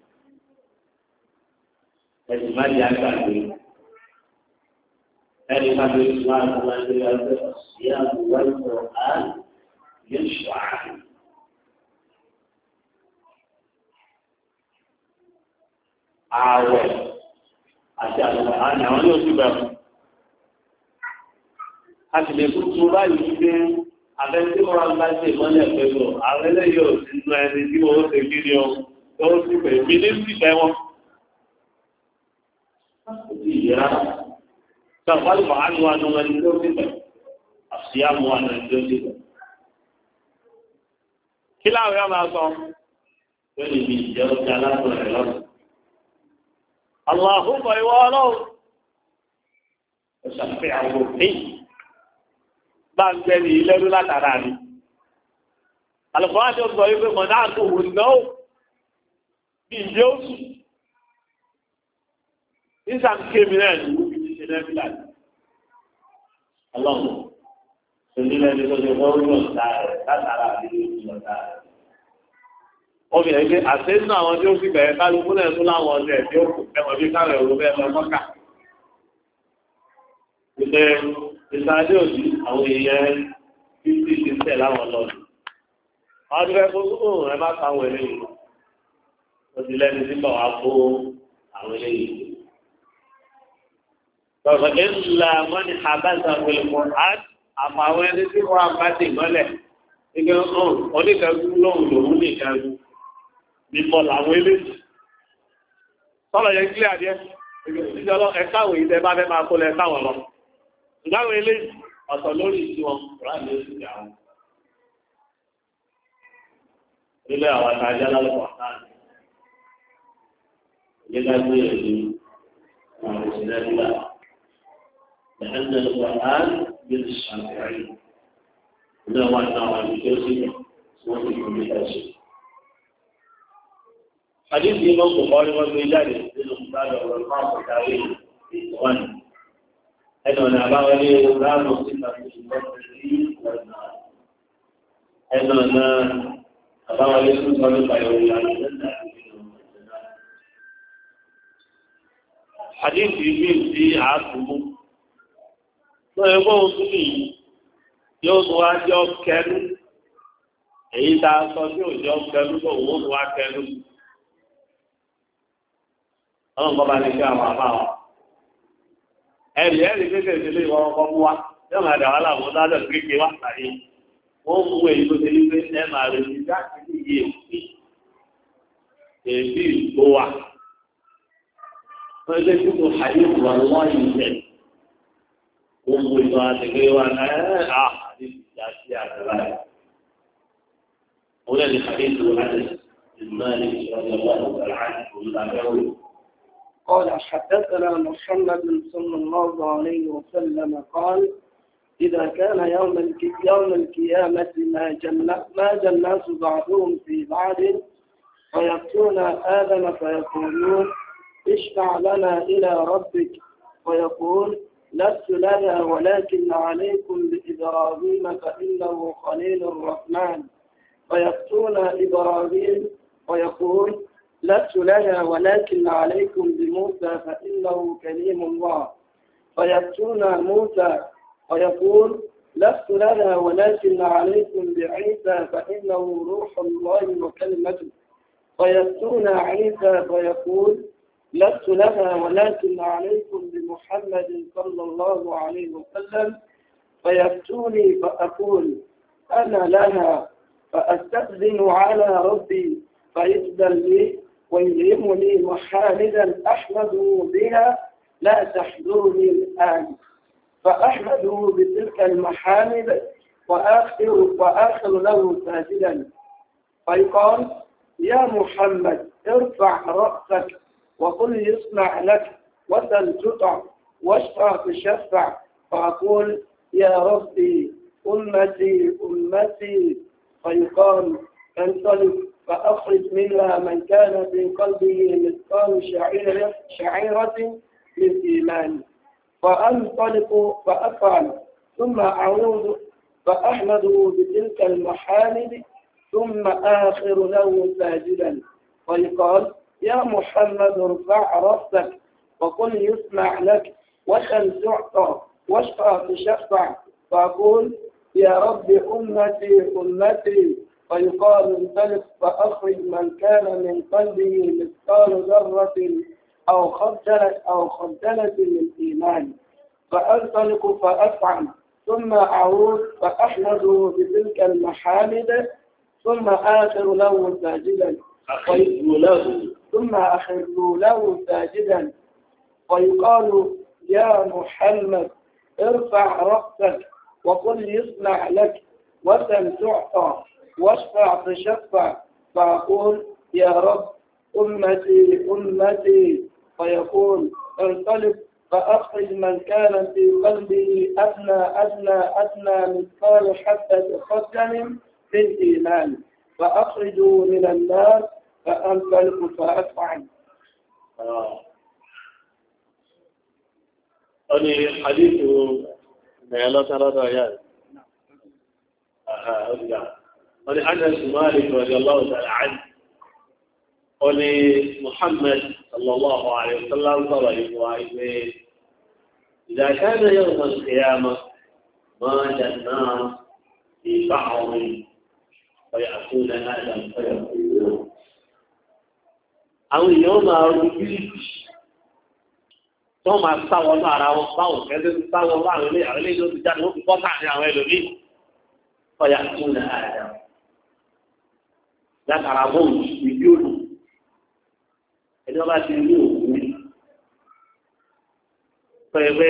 لكن ما جاء بعد. هل يفعل الإسلام الله يجعل الصيام والقرآن يشفع عنه ààwẹ̀ àti àtùkà àwọn yóò sì bẹ̀rù a sì lè tún tún báyìí pé abẹ́ tí wọ́n rán bá ṣe ìmọ́lẹ̀ pẹ̀lú àwẹ́lẹ́ yóò sì nú ẹni tí wọ́n ṣe kí ni ọ tó sì pè mí ní sì bẹ́ wọn. ìyẹra sàfàlù màánù àánú ẹni tó sì bẹ̀ àṣìyàmù àánú ẹni tó sì bẹ̀. kí láwọn yóò máa sọ lórí ibi ìjẹ́ ọjà aláàbò rẹ̀ lọ́sùn. اللهم ìwọ ọlọ́run ó ṣàfihàn òfin bá ń gbẹ́ ní ilẹ́rú látara rí alùpàá tó gbọ́ wípé mọ̀ náà tó wù náà bí ìdí ó sùn nígbà ń ké mi náà nìwú bí ti ṣe náà bí láti ọlọ́run tó nílẹ̀ ní lọ́jọ́ fọ́ọ̀rù ọ̀tá rẹ̀ látara rí ọ̀tá rẹ̀ obìnrin pé àtẹ́sùn àwọn tí ó fi bẹ̀rẹ̀ kálukú náà tún láwọn ọdẹ tí ó kù ẹwọ̀n bí káàrẹ̀ òru bẹ́ẹ̀ lọ mọ́kà. ìṣe ìṣáájú òbí àwọn èèyàn fífi ti tẹ̀ láwọn lọ. ọdún ẹ fún òun ẹ má ka àwọn eléyìí lọ. ó ti lẹ́ni tí bọ̀ wá fún àwọn eléyìí. Bàbá ńlá mọ́ni àbáṣà òyìnbó àt àfàwọn ẹni tí wọ́n á bá dè mọ́lẹ̀. Ìgbẹ́ ọ̀hún oníkàgbú lóhùn lòún nìkàgbú mímọ́ làwọn eléyìí sọ́lọ̀ yẹn kílẹ̀ adìẹ ìjọlọ ẹ̀káwò ìdẹ bá fẹ́ máa kó lẹ sáwọn lọ ìdáwọn eléyìí ọ̀tọ̀ lórí ìsí wọn àwọn nílẹ̀ àwọn àtàjá lálọ́pọ̀ àtàjá nígbà àwọn òṣèlú nígbà lẹ́yìn lọ́pọ̀ àtàjá àdéhùn ìmọ̀ kò kọ́ ní wọ́n gbé jáde nínú ìgbàlọ̀ ọ̀rọ̀ máa kò dáwé ìwọ̀n. ẹnu ọ̀nà àbáwọlé ráàmù síta fún ìgbọ́sẹ̀ sí ìwọ̀n náà. ẹnu ọ̀nà àbáwọlé fún ìgbọ́n nípa ìròyìn àlùfẹ́ńdà àdéhùn ìgbé sí àásùmú. lọ́yẹ̀ bọ́ọ̀ tún nìyí yóò tún wá jọ kẹnu èyí tá a sọ sí òjò kẹnu bọ̀ òun tún wá kẹnu ọlọ́run bá ní ṣe àwọn àbá ẹ̀rì ẹ̀rì kékeré ìdílé wọn kọ́ mú wa yóò máa dà wá láwọn dájọ́ kékeré wá sàyè wọ́n mú èyí tó ṣe ní pé ẹ máa rẹ̀ ní jáde ní iye òfin ìgbó wa. wọ́n lé sípò àyè ìwà wọ́n yìí tẹ̀. wọ́n mú ìtọ́ àtẹ̀kẹ́ wa náà ẹ̀ á àdé ìjà sí àgbàlá rẹ̀. wọ́n lé ní àdé ìwà náà ìmọ̀ ní ìṣọ́jọ́ قال حدثنا محمد صلى الله عليه وسلم قال إذا كان يوم يوم القيامة ما جل ما جلس بعضهم في بعض فيأتون آدم فيقولون اشفع لنا إلى ربك ويقول لست لنا ولكن عليكم بإبراهيم فإنه خليل الرحمن فيأتون إبراهيم ويقول لست لنا ولكن عليكم بموسى فإنه كليم الله فيأتون موسى ويقول لست لنا ولكن عليكم بعيسى فإنه روح الله وكلمته فيأتون عيسى فيقول لست لنا ولكن عليكم بمحمد صلى الله عليه وسلم فيأتوني فأقول أنا لها فأستأذن على ربي فيقبل لي ويلهمني محامدا أحمده بها لا تحذرني الآن فأحمده بتلك المحامد وآخر, وآخر له ساجدا فيقال يا محمد ارفع رأسك وقل يصنع لك وسل تطع واشفع تشفع فأقول يا ربي أمتي أمتي فيقال انطلق فأخرج منها من كان في قلبه مثقال شعيرة, شعيرة من إيمان فأنطلق فأفعل ثم أعود فأحمده بتلك المحامد ثم آخر له ساجدا ويقال يا محمد ارفع رأسك وقل يسمع لك وخل تعطى واشفع تشفع فأقول يا رب أمتي أمتي فيقال انطلق فأخرج من كان من قلبه مثقال ذرة أو خردلة أو خردلة من إيمان فأنطلق فأطعم ثم أعود فأحمده بتلك المحامد ثم آخر له ساجدا له ثم أخر له ساجدا ويقال يا محمد ارفع رأسك وقل يصنع لك وسل تعطى واشفع تشفع فأقول يا رب أمتي أمتي فيقول انقلب فأخرج من كان في قلبه أدنى أدنى أدنى مثقال حبة تقدم في الإيمان فأخرجوا من النار فأنطلق آه. أني حديث ما لا ترى رأيان. أها أبدا. آه، آه، آه. قال أنس مالك رضي الله تعالى عنه قال محمد صلى الله عليه وسلم قال إبراهيم إذا كان يوم القيامة مات الناس في بعض فيأتون آدم فيقولون أو يوم أرجوك tó máa sáwọ́ náà ara wọn báwọn kẹ́lẹ́ ń sáwọ́ láàrin ilé àwọn ilé ìlú ti jáde wọ́n ti bọ́ sáàrin àwọn ẹlòmíì ọ̀yà tó nà áyà látara bóòlù ìdí òòlù ẹni wọn bá ti rí òkú pẹpẹ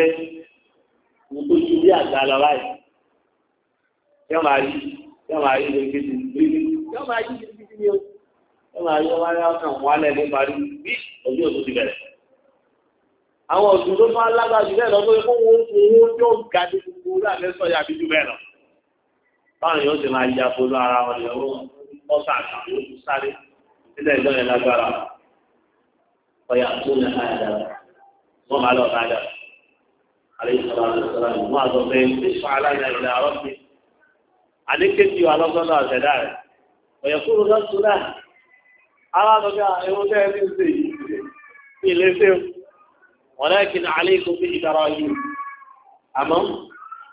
òkú ju bí àgbà lọ báyìí yọ máa rí yọ máa rí lórí kejì lórí yọ máa rí lórí kejì ni o yọ máa rí ọmọ ayé ọkàn wọn alẹ ló parí bí ojú òkú ti bẹ̀rẹ̀ àwọn ọ̀sùn tó máa lágbàá jù bẹ́ẹ̀ lọ pé kó wọ́n fún owó yóò ga ní gbogbo orí àfẹ́sọ̀yà bíjú bẹ́ẹ̀ lọ báwọn yóò ṣe máa ya polo ara wọn lọ́wọ́. ọ̀sà àti ojú sáré sílẹ̀ ìjọ yẹn lágbára ọ̀yà tó lè ha ẹ̀dá wọ́n máa lọ sáájà àlẹ́ ìsọ̀rọ̀ àti ìsọ̀rọ̀ àti wọ́n àzọ pé nípa aláìní ìlà ọ̀rọ̀bì àdékèjì wà lọ́sọ́dọ̀ àṣẹdá rẹ̀ ọ̀yà kúrò lọ́sùn náà ara lọ́jà ẹ̀wọ̀n tẹ́ ẹ ní ṣe ilé ṣe ولكن عليكم بإبراهيم أمام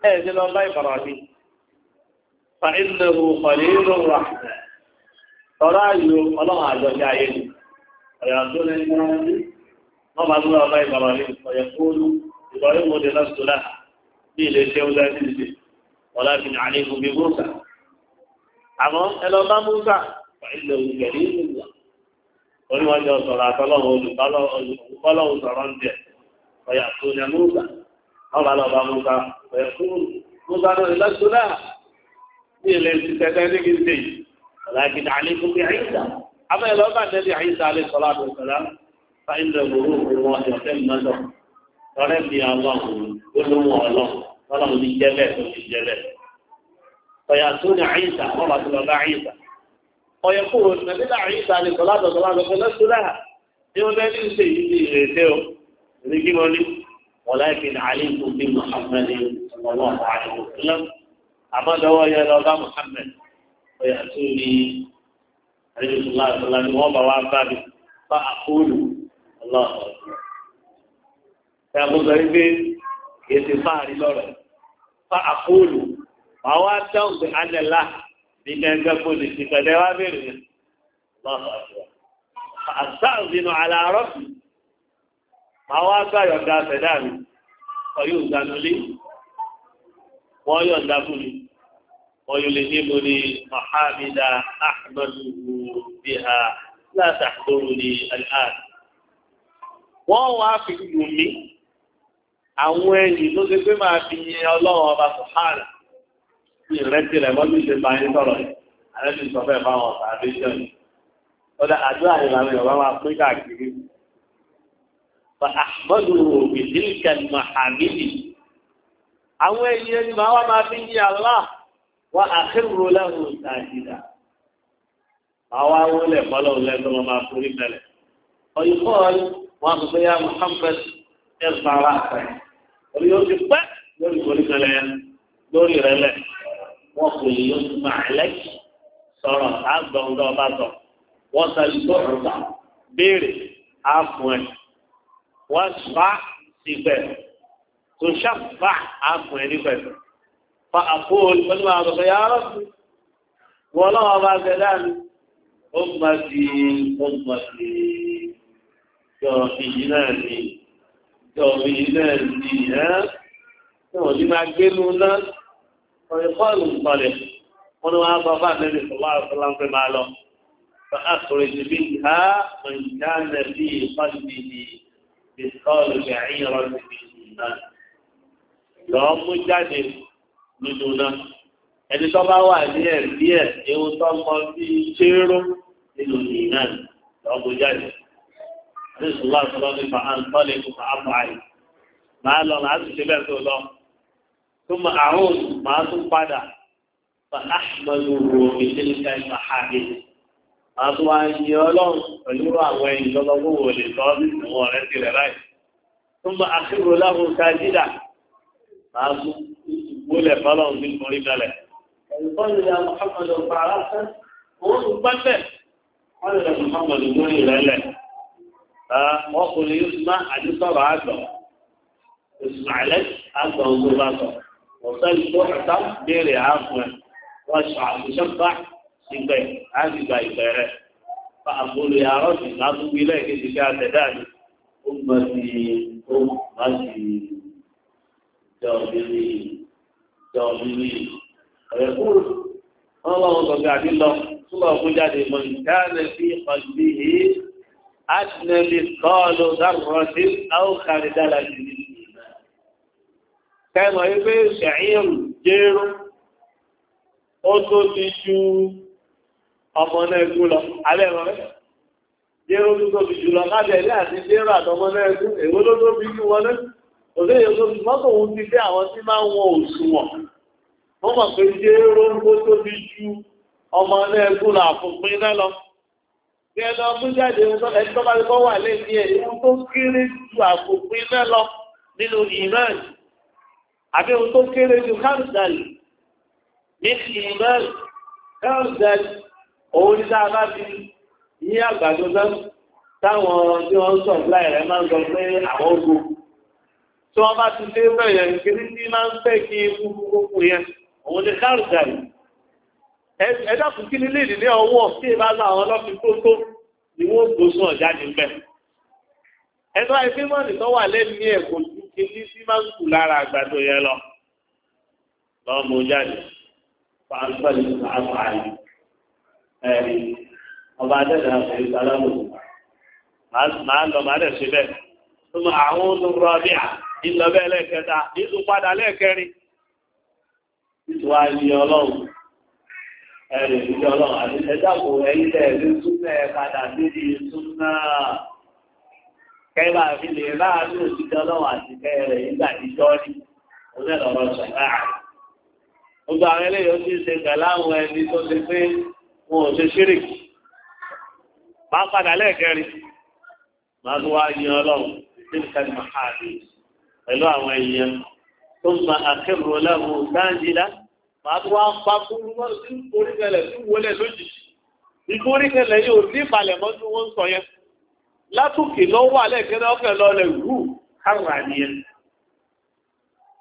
هذه الله إبراهيم فإنه خليل الرحمن tọ́lá ìlú ọlọ́run àjọjá ayé ni ọ̀yà tó lè ní wọ́n máa gbúra ọlá ìgbàlá ní ọ̀yà tó lù ìgbàlẹ́ mọ́dé lọ́sùn náà ilé iṣẹ́ ó dájú ìṣe ọ̀lá fi àmọ́ ẹ lọ bá ilẹ̀ ní ìlú oníwájú ọ̀sọ̀rọ̀ لكن عليكم بعيسى أما إذا بعد النبي عيسى عليه الصلاة والسلام فإن روح الله وكلمته فربي الله قلوا الله ولم الجبال الجبال فيأتون عيسى ورسول الله عيسى ويقول النبي عيسى عليه الصلاة والسلام قلت لها يوم لا ينسي يسير يقول ولكن عليكم بمحمد صلى الله عليه وسلم أما دوايا لولا محمد ọ̀yàtú ni àdébùsùlá àtọ́lá ni wọ́n bá wá bá mi bá àkóòlù ọlọ́ọ̀tọ̀. Ṣé àbúzọ yìí pé kìí ṣe fáàrí lọ́rọ̀? Bá àkóòlù wàá wá dáhùn pé alẹ́lá ní gẹ́gẹ́ kó lè ti pẹ̀lẹ́ wá bèrè yẹn. Ọlọ́ọ̀tọ̀. Àṣàzìnà àlàárọ̀ màá wá gbà yọ̀ǹda àṣẹ̀dá mi. Ọ̀yọ́ ìgbàlólé wọ́n yọ̀ǹda fún mi. ويلهمني محامد أحمده بها لا تحضرني الآن wọ́n wá fi lù mí àwọn ẹ̀yìn ló ṣe pé máa fi yin ọlọ́run ọba sùhánà ní ìrẹsì rẹ̀ mọ́tò ṣe máa ń sọ̀rọ̀ àrẹ́sì sọ fẹ́ fáwọn ọ̀sán àbíṣàn ọ̀dà àdúrà ìlànà ìyọ̀bá máa pín káàkiri fàhàmọ́dù òbí nílùkẹ́ mọ̀hàmídì àwọn wọ́n àkérò lẹ́hùn ìtàjìdà. Àwọn awolẹ̀ bọ́lá òun lẹ́nu lọ́mọ àforí bẹ̀rẹ̀. Ọ̀yùkọ́ wọn kò fẹ́ yá Muhammad ẹ̀ fara àpẹ. Orí yóò ti pẹ́ lórí ìforí bẹ̀rẹ̀ yẹn lórí rẹ̀ lẹ̀. Wọ́n kò lè yóò tún máa lẹ́kì sọ̀rọ̀ àgbọ̀ndọ̀ ọba tọ̀. Wọ́n sàlì tó rùbà béèrè àfún ẹ̀. Wọ́n sọ فأقول من ما أبقى يا رب ولا ما قدام أمتي أمتي جاهلاني جاهلاني ها ودي ما قلنا ويقال صالح وانا بابا النبي صلى الله عليه وسلم في ماله فأخرج منها من كان في قلبه مثقال بعيرة من إيمان. يوم مجدد lójú náà ẹni tó bá wà ní ẹ̀rí ẹ̀ ewu tó mọ bí ṣéró nínú ìyìn náà lọ́gbọ́n jáde àdéhùn láti lọ nípa àǹtọ́lẹ̀ nípa àpò àyè máa lọ láti ṣe bẹ́ẹ̀ tó lọ tó mọ àrùn máa tún padà fàáhìmọ́lù wo ìdílé ìgbà ààrẹ máa tún wá yẹ ọlọ́run pẹ̀lú àwọn ẹ̀yìn lọ́lọ́gbọ́n wò lè tọ́ bí ìwọ̀n rẹ̀ ti rẹ̀ láì tó mọ wúlẹ̀ fọlọ́run ní orí kalẹ̀. ẹ̀kọ́ ìlà muhammadu fara fún òun gbẹ́fẹ̀ wọ́n lè muhammadu múlì lẹ́lẹ̀. wọ́n kò ní yusma àdìsọ́rọ̀ àgbọ̀ ìsmailẹ̀ àgbọ̀ ọ̀gbọ̀n bá sọ. wọ́n sẹ́ni tó ọ̀tá béèrè àfún ẹ̀ wọ́n sọ àfúnṣẹ́ bá ìgbẹ́ àgbìgbà ìgbẹ́ rẹ̀. fa àbúrò yàrá ọ̀sìn lábúgbé lẹ́ẹ̀kejì ó gbọ́ sí ó má sí ìjọ jọ̀ọ̀lì ẹ̀kúr wọn bá wọn sọ̀gbẹ́ àti lọ túbọ̀ fún jáde mọ́ ìdáná sí ọ̀gbìn yìí àtìnẹ́lì kọ́ọ̀lù dárúrọ̀sí àwòkàrí dára nìyí. kẹ́mọ̀ wípé ṣẹ̀yìn jẹ́rú ó tó ti ju ọmọ náà gún lọ abẹ́ ẹ̀rọ rẹ̀ jẹ́rú tó tóbi jù lọ lábẹ́ àti jẹ́rú àtọmọ náà gún èwo ló tóbi jù wọn náà òde èso mọ́tò òun ti fẹ́ àwọn tí máa ń wọn òṣùwọ̀n wọ́n mọ̀ pé jẹ́ róńgbó tó fi ju ọmọ ẹlẹ́gùn là fòpin náà lọ. bí ẹni ọdún jáde ẹni tó bá ti kọ́ wà lẹ́yìn ẹ̀ ohun tó kéré ju àfòpin náà lọ nínú ìmọ̀ọ́nì àbí ohun tó kéré ju káńsàlì ní ìmọ̀ọ́nì káńsàlì òun ní sáà bá fi ní àgbàdo náà táwọn tí wọ́n ń sọ̀ láì rẹ̀ máa ń sọ pé àwọn ogun tí wọ́n bá ti ṣe bẹ̀rẹ̀ ìgbérí tí máa ń fẹ́ kí gbogbo yẹn òun ni kárùkà yìí ẹ̀dá kù kí nílé ọwọ́ tí ìbá lọ àwọn ọlọ́fin tó tó ni wọ́n gbóṣùn ọ̀já ní bẹ̀. ẹ̀dọ́ ẹgbẹ́ mọ́ọ̀nì tó máa ń lọ. lọ́wọ́ dẹ̀ ṣe bẹ́ẹ̀. tó mọ àwọn olùrọ̀ bíà ìlọ́bẹ̀ lẹ́ẹ̀kẹta ìtù padà lẹ́ẹ̀kẹrin ìtù ayé ọlọ́run ẹ̀rì ìjọ ọlọ́run àti ẹ̀dàkù ẹ̀yìn tẹ̀lé súnmẹ́ padà níbi súnmá kẹ́bà fi lè ráàlú òṣìṣẹ́ ọlọ́run àti kẹ́rẹ̀ nígbà ìjọ́ ní onẹ́lọ́rọ̀ sọ̀rọ̀ gbogbo àwọn eléyìí ó ti ṣe pẹ̀lú àwọn ẹni tó ti pé wọn ò ṣe ṣírìkì máa padà lẹ́ẹ̀kẹrin máa tó wá yin ọlọ́run níbi kẹ́ni máa káàdì pẹ̀lú àwọn ẹ̀yẹ tó ma akẹ́rù ọlọ́run sáńjìlá máa tó wá ń pa fún wọn sí oríkẹlẹ̀ tó wọlé lójijì ikú oríkẹlẹ̀ yóò ní ìpalẹ̀mọ́ tí wọ́n ń sọ yẹn látòkè lọ́wọ́ alẹ́ kẹ́rẹ́ ọ̀fẹ́ lọ́lẹ̀ wù káwà ní ẹ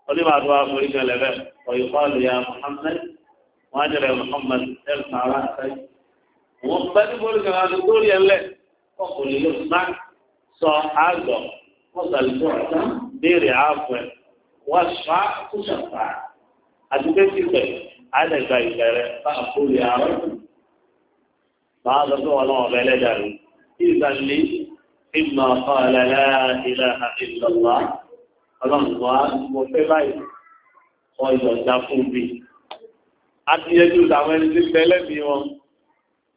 olùbàdàn wa fún ìjọlẹ̀ bẹ́ẹ̀ ọ̀yọ̀kọ́ àlùyà Muhammad wọn àjẹrẹ Muhammad el sara ṣáì wọn bá ní bọ́ọ̀lù kan àti lórí ẹlẹ́ ọkùnrin ló máa sọ àgbọ̀ wọn sàlùkọ́ ọ̀tá béèrè ààbò ẹ̀ wọ́n sọ àkóso àpá àdúgbò pípẹ́ àdẹ̀gbà ìbẹ̀rẹ̀ bá àkórí àárọ̀ máa lọ sí ọlọ́wọ́ ọ̀bẹ ẹlẹ́dàá rẹ̀ ìgbàlè ìmọ̀ ọ̀pá ọ̀lẹ́lẹ́ ilẹ̀ ìlọ́lá ọlọ́run wa mo fẹ́ báyìí ọyọ̀ ìjà fún mi àti yẹjú làwọn ẹni tí bẹ́lẹ̀ mi wọn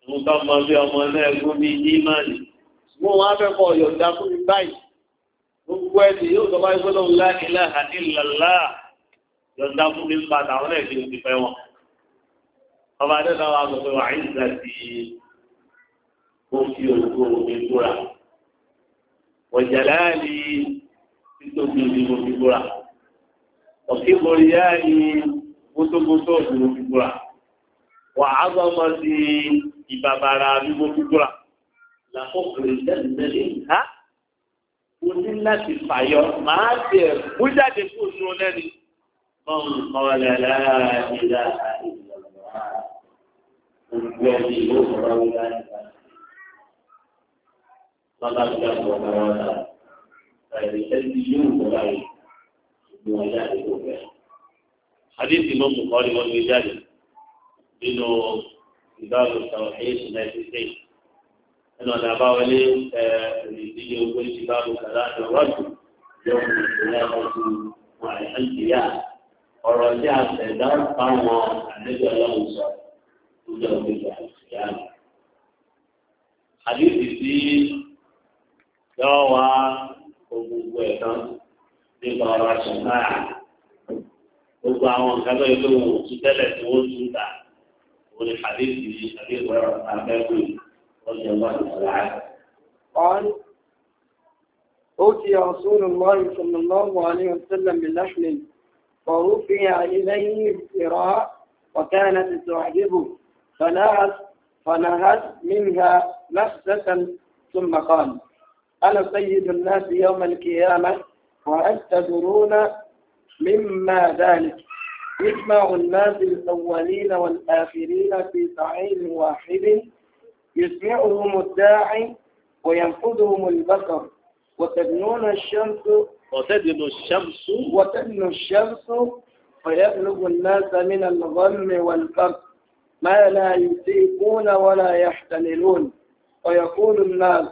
mo tọ́ mọ bí ọmọ náà gún mi ní ìmọ̀ ni mo wá fẹ́ kọ ọyọ̀ ìjà fún mi báyìí gbogbo ẹni yóò sọ báyìí gbọ́dọ̀ ńlá ilẹ̀ àti ìlàlá yọ̀ǹda fún mi nípa àtàwọn náà ìdí ti fẹ́ wọn. ọba adẹ́ta wa sọ pé wà á ìgbà tí ó fi òkú omi kúra. ọ̀jàlá ni títóbi omi mo fi kúra. ọ̀kí borí yá gbótógbótó omi mo fi kúra. wà á gbọ́ ọmọ sí ìbàbàrà mi mo fi kúra. làkókò ìjẹ́ ìjẹ́ lè ha. òní yóò rọ̀ wíwá nípa. Bàbá mi dábọ̀ ọmọ wọn náà, ẹ̀rìṣẹ́ ti yóò rọ̀ láyé ìgbẹ́ wọn jáde tó bẹ̀rẹ̀. Adéṣì ló ni won ẹ̀yẹ́sì náà ti yoo ro laye igbe won jade to mu ko ni won gbe jade ninu idahun itan eyesi naa ti seyin ẹnìwọ̀n àbá wọlé ẹ ìdíje owó ti bá bọ̀ kàlá àti ọ̀rọ̀jù yóò fún ìṣẹ̀lẹ̀ ọ̀tún wọn àìsànjìyà ọ̀rọ̀ tí a ṣẹ̀dá fáwọn àlejò ọlọ́run sọ tó jẹ́ òkèjì àìsànjìyà rẹ̀. àdéhùn sí yọ wá gbogbo ẹ̀tàn nípa ọ̀rọ̀ àṣàkáyà gbogbo àwọn nǹkan tó yẹ kó wò ó tún tẹ́lẹ̀ tí wọ́n tún ta òun ni àdéhùn sí àdéhùn ọ̀rọ̀ àbẹ́kùn رضي الله تعالى عنه قال أوتي رسول الله صلى الله عليه وسلم بلحم فرفع إليه الذراع وكانت تعجبه فنهت فنهت منها نفسة ثم قال أنا سيد الناس يوم القيامة تدرون مما ذلك يجمع الناس الأولين والآخرين في صعيد واحد يسمعهم الداعي وينفذهم البصر وتدنون الشمس وتدن الشمس وتدن الشمس فيبلغ الناس من الغم والكرب ما لا يطيقون ولا يحتملون ويقول الناس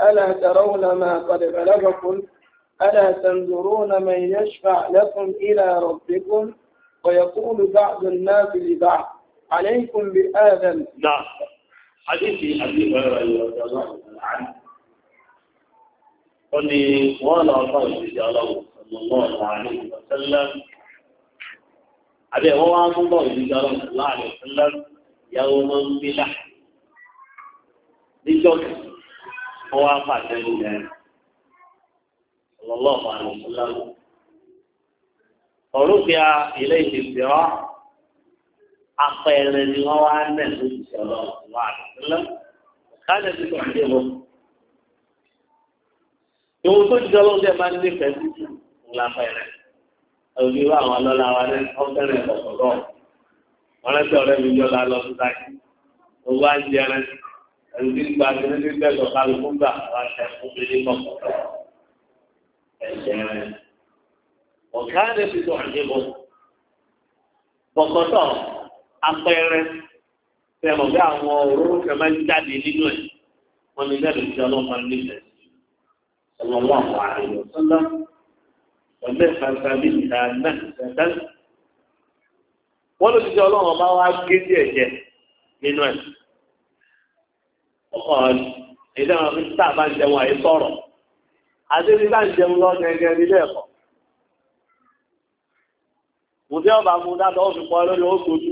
ألا ترون ما قد بلغكم ألا تنظرون من يشفع لكم إلى ربكم ويقول بعض الناس لبعض عليكم بآدم نعم حديث أبي هريرة رضي الله عنه قل لي ولا قول الله صلى الله عليه وسلم أبي هو عن الله صلى الله عليه وسلم يوما بلحم لجوك هو قاتل الله صلى الله عليه وسلم فرقي إليه الذراع أخيرا لغوانا لجوك الله الله عليه وسلم كان يحبهم yòówù tó jọ lóde máa ń nífẹ̀ẹ́ sí ńlá fẹ́rẹ̀ òbí wa àwọn ọlọ́lá wa ní ọ̀fẹ́rẹ̀ ọ̀sọ̀rọ̀ wọn lẹ́sẹ̀ ọ̀rẹ́ mi yọ lálọ́ sí táyì owó àjẹ rẹ ẹ̀rùbí gba ẹni tí bẹ́ẹ̀ lọ kálukú gbà wá ṣe fún ọ̀gá rẹ ti tó àjẹbọ bọ̀kọ̀tọ̀ apẹ̀rẹ̀ sẹ́mọ̀ bí àwọn òróró kan máa ń jáde nínú ẹ̀ wọ́n ní bẹ́ẹ̀ ló ti ọlọ́pàá ní ìfẹ́ ọlọ́wọ́ àwọn ààrẹ ọ̀sánlá ọ̀lẹ́ ìfàǹfààní ìta náà ìfẹ́dá wọ́n ló ti jẹ́ ọlọ́run bá wá gé díẹ̀ jẹ nínú ẹ̀ ọkọ̀ ìdá àwọn fi tá a bá ń jẹun àyè sọ̀rọ̀ àti bí bá ń jẹun lọ gẹ́gẹ́ nílé ẹ̀kọ́ mo jẹ́ ọba mu dáadọ́ fi pọ́ lórí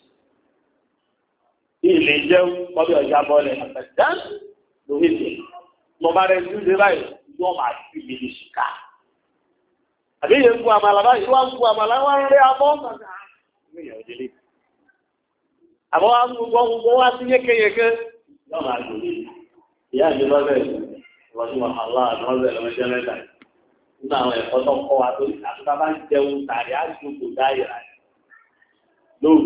ilé jẹun kọbí ọjà bọlẹ àtẹján lórí ìdè lọba rẹ ní ìdè báyìí yóò máa fi lè lè ṣìkà àbí yẹn ń bu àmàlà báyìí wọn ń bu àmàlà wọn ń rí abọ́ àbọ̀ wọn ń gbọ́ gbogbo wá sí yékéyéké yóò máa lò ní ìyá mi lọ́bẹ̀ ìwọ̀n tí wọn àlọ́ àdúrà lọ́jọ́ mẹ́ta nínú àwọn ẹ̀kọ́ tó kọ́ wa tó ní àtúntà bá ń jẹun tàrí àjòkò dáyìí rà lóru.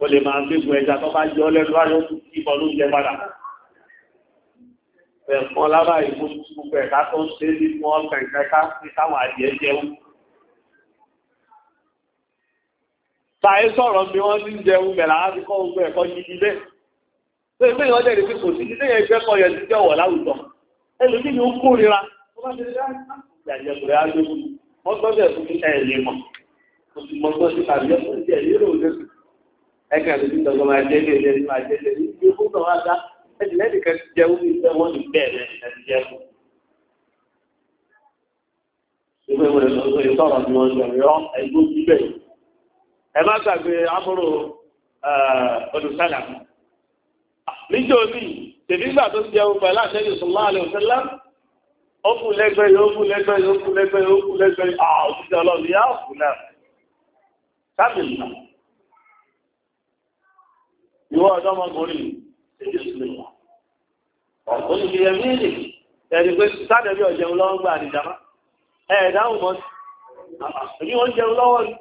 ó lè máa gbégbó ẹja tó bá jọ lẹ́nu ayọ́ tó ló jẹ padà ẹ̀fọn lára ìmú gbogbo ẹ̀ka tó ń ṣe ní fún ọkàn ìkẹta sí táwọn adìẹ jẹun Báyé sọ̀rọ̀ bí wọ́n ti ń jẹun bẹ̀rẹ̀ láti kọ́ ogun ẹ̀kọ́ gidi bẹ́ẹ̀. Ṣé ìgbé ìwọ́n jẹ́rìí pé kò sí ilé ẹgbẹ́ kan yẹn ti jọ̀wọ̀ láwùjọ. Ẹlòmí ni ó ẹ̀kẹ́ lójú tọ́gbọ́n máa jẹ́ lé lẹ́nu máa jẹ́ lé ní ibi fún tọ́wọ́ àgbà ẹ̀sìn lẹ́nu kan ti jẹ́ wúni ìfẹ́ wọn ní bẹ́ẹ̀ lẹ́nu kan ti jẹ́ wú. ìwé ìwé ìwé sọ̀rọ̀ ni wọ́n sọ̀rọ̀ yọ ẹgbẹ́ òbí bẹ́ẹ̀. ẹ má gbàgbé àbúrò olùsálà. nítorí tèmi gbà tó jẹ́ òun pẹ̀lú àṣẹ ìṣòwò àlẹ́ òṣèlá ó kù lẹ́gbẹ̀ẹ́ ó kù lẹ́gbẹ̀ẹ́ ó kù lẹ́gbẹ̀ẹ́ ó kù lẹ́gbẹ̀ẹ́ ìwọ ọ̀dọ́mọkùnrin èyí sílẹ̀ wọn. ọ̀pọ̀ ní ìyẹn mílì ẹni pé sádẹ̀bí ọ̀jẹun lọ́wọ́ gbà ẹ̀ẹ̀dáhùn mọ́ sí wọ́n jẹun lọ́wọ́ ni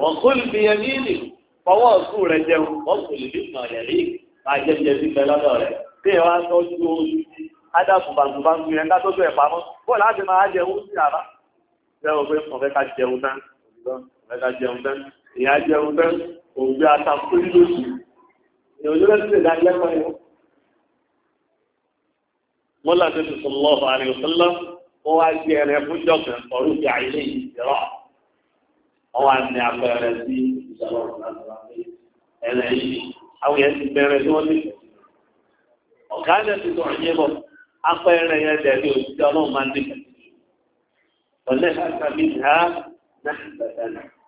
wọ́n kó lè ìyẹn mílì fọwọ́ ọ̀sùn rẹ̀ jẹun wọ́n kò lè nínú ọ̀yẹ̀rí ìyá jẹun fẹ́ ògbé atakú lóṣù ìròyìn lọ́sí lè dá lẹ́kọ̀ọ́ yẹn. wọ́n láti tuntun lọ́wọ́ àríwọ̀sọ́lá wọ́n wá sí ẹrẹ fúnjọ́ kan ọ̀rùn bí àìlè ìjẹ́rọ̀ wọ́n wá ní apẹẹrẹ sí ìjọba ẹrẹ yìí àwọn yẹn ti bẹ̀rẹ̀ tí wọ́n ní. ọ̀gá ẹ̀dẹ̀ ti tọ̀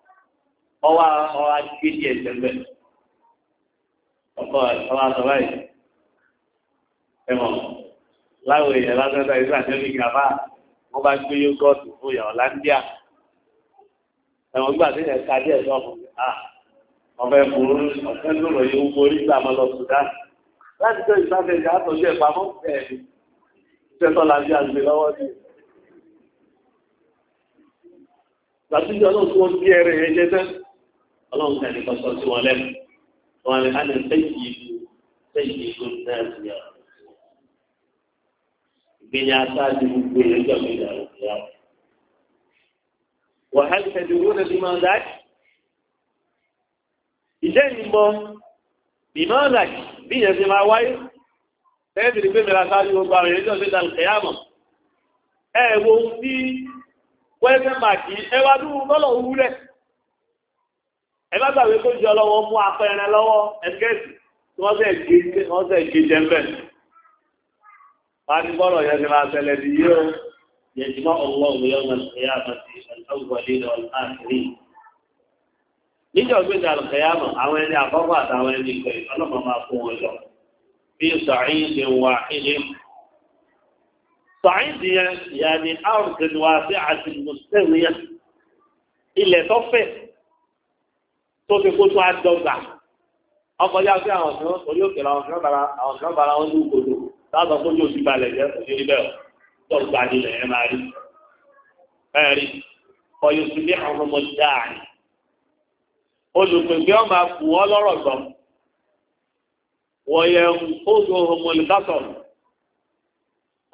ọwọ́ ọwọ́ adigbe díẹ̀ sẹ́gbẹ́ ọkọ ọwọ́ àtọ́lá yìí ẹ̀mọ́ láwọn èèyàn lásánà ìlú àjọyọ̀ ìgbàfà wọ́n bá gbé yógọ́ọ̀tù fún ìyá ọ̀làndíà ẹ̀wọ̀n gbà tí ẹ̀ ka díẹ̀ sọ́ọ̀fù ọ̀fẹ́ ah, kúrú ọ̀fẹ́ lọ́rọ̀ yìí ń borí gbà mọ́ lọ Sudan láti tó ìsáfẹ́ ìjà àtọ́jú ẹ̀ ẹ̀ tẹ́tọ́ la bí àgbè lọ́wọ́ sí. Làtúnjọ́ bí ẹrẹ̀ yẹn jẹ́ ọlọ́run tẹ̀lé kọ́sọ́ sí wọn lẹ́nu wọn ni a lè fẹ́yìí ìlú fẹ́yìí ìlú náà ti yà ìgbéyà sáájú gbogbo ìrẹ́jọ́ mi là ń yà wàhálì tẹ̀dúró lè bí máa dájú ìjẹ́ ìmọ̀ bí máa dájú bí ìyẹn ti máa wáyé tẹ́ẹ̀bì ní pé mẹ́ra sáájú gbogbo àwọn ìrẹ́jọ́ mi là ń yà mọ̀ ẹ̀ wo ti wẹ́ẹ́fẹ́ màkì ẹwà dúró lọ́lọ́ wúlẹ̀ ẹ bá gbàgbé kó jọ lọ́wọ́ mú apẹ̀rẹ̀ lọ́wọ́ ẹgẹ́sì tí wọ́n sẹ̀ gé wọ́n sẹ̀ gé jẹ́mbẹ̀. Fáni bọ́lọ̀ yẹn ti máa ṣẹlẹ̀ ní yíyó. Yẹ̀jìmọ́ ọ̀wọ́ òwúyọ́ wọn ṣẹ̀yà àti ọ̀gbọ̀lẹ́ lọ láàkiri. Níjọ́ gbé ní àlùkẹ́yàmọ̀, àwọn ẹni àkọ́kọ́ àtàwọn ẹni ìgbẹ̀yìn ọlọ́mọ máa kó wọn lọ. Bí sàáyìndì wà ilé. Sàáyìndì yẹn yàní àrùn kìnnìwá àti mùsùlùmí yẹn. Ilẹ̀ tó fẹ̀ tó fi kó tó á yá sí àwọn ọ̀sán orí òkè làwọn ọ̀sán bara àwọn ọ̀sán bara wọn ní ìkòdò láàbọ̀ kó yóò balẹ̀ jẹ́ òṣèré bẹ́ẹ̀ dọ́gba nílẹ̀ ẹ máa rí ẹ̀rí ọ̀yọ̀ sí ní àwọn ọmọ dáa ni olùpèpè ọmọ àpò ọlọ́rọ̀ gbọ́ wọ̀yẹ̀ oṣù homolibátọ̀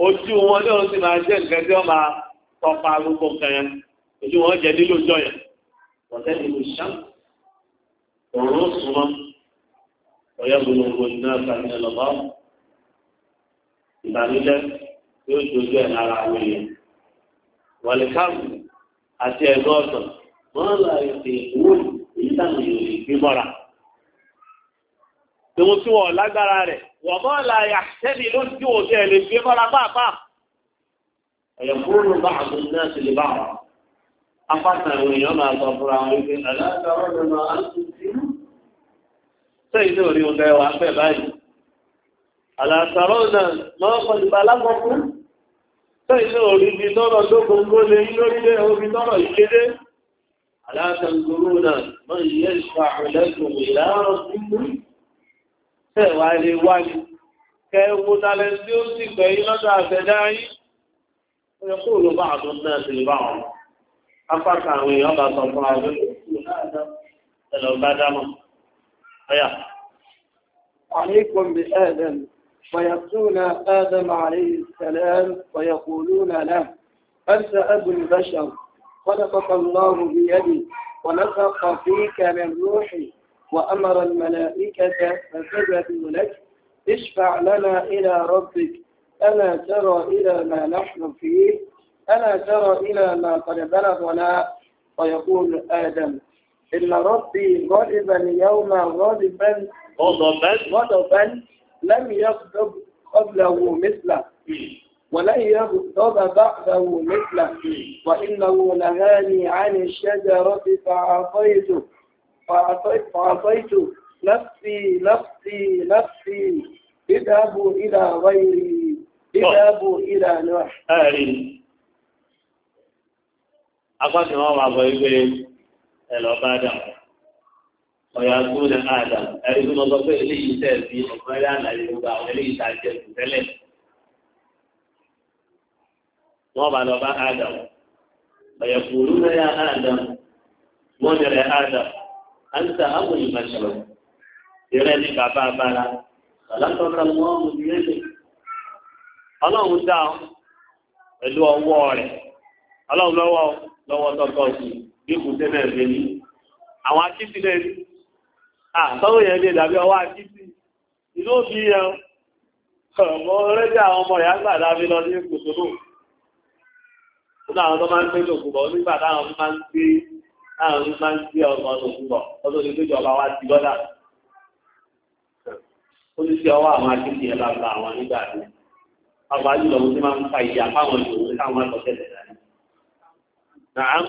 ojú wọn ní oṣù máa jẹ́ nǹkan tí wọ́n máa tọpa gbogbo nǹkan yẹn ojú wọn jẹ nílò jọyọ̀ wọ́n tẹ́lẹ̀ òróró súnmọ́ ọ̀yá gbogbo náà sàmì ẹlọ́gbọ́ ìbànújẹ́ yóò dojú ẹ̀ lára àwọn èèyàn wàlíkàmù àti ẹ̀gbọ́n ọ̀sán wọ́n là ètè ìwúrò èyí táwọn èèyàn lè gbé mọ́ra tòun tí wọ́n lágbára rẹ̀ wọ́n mọ́ là yàtẹ́ni lójú òde ẹ̀ lè gbé mọ́ra pàápàá ọ̀yọ̀ fúnrún bá àwọn náà sì lè bá wọn apá kan àwọn èèyàn máa sọ fúnra wọn wípé àlàáfíà ọ̀rọ̀ náà á ń tún sẹ́yìn náà rí oúnjẹ wa pẹ̀ báyìí àlàsàrọ̀ náà máa ń kọjú balágbọ́n fún sẹ́yìn náà rí ibi tọ́rọ̀ tó gbogbo lé lórílẹ̀ omi tọ́rọ̀ ìkéde àlàsàngoró náà máa ń yẹ ìfà àrẹ̀lẹ́gùn ìlàrọ̀ dúdú sẹ́wà lè wá ní kẹwọ́ talẹ̀ tí ó sì pẹ̀ yí yẹ kó ló bá عليكم بآدم فيأتون آدم عليه السلام ويقولون له أنت أبو البشر خلقك الله بيدي ونفخ فيك من روحي وأمر الملائكة فسجدوا لك اشفع لنا إلى ربك ألا ترى إلى ما نحن فيه ألا ترى إلى ما قد بلغنا ويقول آدم إن ربي غضبا يوما غضبا غضبا غضبا لم يغضب قبله مثله ولن يغضب بعده مثله وإنه نهاني عن الشجرة فعصيته فعصيته نفسي نفسي نفسي اذهبوا إلى غيري اذهبوا إلى نوح آمين أقول إمام عبد ẹ lọ bá dà wọn ọ̀yà gbóná àdàm ẹ̀rí pé eléyìí tẹ̀ sí ọ̀pẹ́rẹ́ àlàyé gbogbo àwọn eléyìí a jẹ kù tẹ́lẹ̀. bá lọ bá àdàm ọ̀yà kùlù náà yà Adam wọ́n yẹrẹ Adam àwọn ní bàbá abala dá ọ sí i. ikùnṣẹ́ náà ṣe ní àwọn akíṣì náà ní àtọ́rọ̀ yẹn lè dàbí ọwọ́ akíṣì inú bí ẹ ọmọ rẹ́jà ọmọ ìyá gbà lọ ní ìkùnṣẹ́ náà ó láwọn tí máa ń fa ìyà fáwọn ìṣòro káwọn àtọ̀tẹ̀lẹ̀ dání.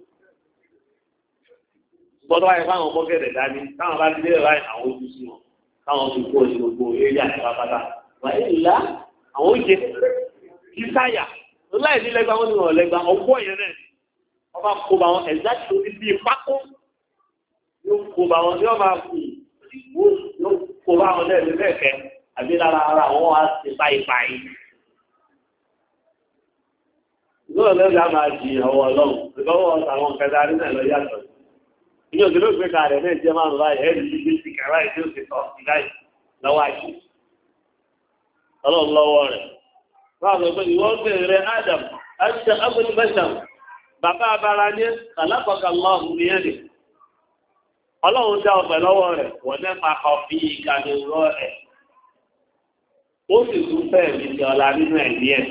bọ́dọ̀ wáyé fáwọn kọ́kẹ́rẹ̀ dání táwọn bá ti dé ẹ̀rọ àwọn ojú sí wọn káwọn ti kó ní gbogbo eré àti pápátá wáyé ńlá àwọn oúnjẹ kíkáyà láì ní lẹ́gbàá wọn ni wọn lẹ́gbàá ọgbọ́ yẹn náà wọ́n bá kó bá wọn ẹ̀dá tó ní bíi pákó yóò kó bá wọn yóò máa fi ìwú yóò kó bá wọn lẹ́ẹ̀mí lẹ́ẹ̀kẹ́ àbí lára ara wọn wá sí báyìí lóòrè lẹ́gbàá máa di ọwọ́ ọlọ́run ilé òṣèlú òṣèlú kan rẹ̀ náà jẹ́ márùn láì ẹ̀rí ilé sí kẹrà ìdí òṣèlú ọ̀sìn láì Adam aṣọ abúlé bẹ́sàm bàbá abara ní kàlápàkà lọ́ọ̀hún ní ẹ̀rì ọlọ́run dá ọ̀gbẹ́ lọ́wọ́ rẹ̀ wọ́n ní pàkà fi ìkàlẹ̀ rọ ẹ̀ ó sì tún fẹ́ẹ̀ mi ti nínú ẹ̀mí ẹ̀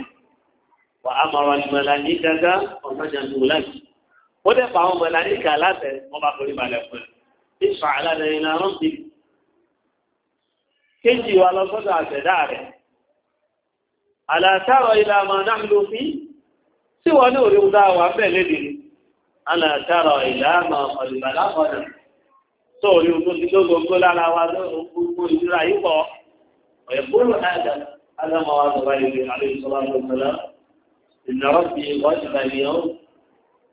wà á mọ̀ràn ìmọ̀lá ní gàgá ọ̀gbẹ́jà ní ó dẹ̀ fà àwọn ọmọ ẹ̀láníkà láti ọba forí balẹ̀ fún ẹ̀ ìfà àlànà ìlànà rọ́ǹdì kéjì wa lọ sọ́dọ̀ àtẹ̀dá rẹ̀ àlàtàrọ̀ ìlànà náà ló fi tí wọ́n ní òrìwú dá wà bẹ́ẹ̀ lédè àlàtàrọ̀ ìlànà ọ̀dùnbàlá ọ̀dà tó òrìwú tó ti lógógó lára wa gbogbo ìdúrà yìí pọ̀ ọ̀yẹ̀kúrò àdà àdàmọ̀ wa sọ̀rọ̀ ìlú àlẹ́ ìsọ̀rọ̀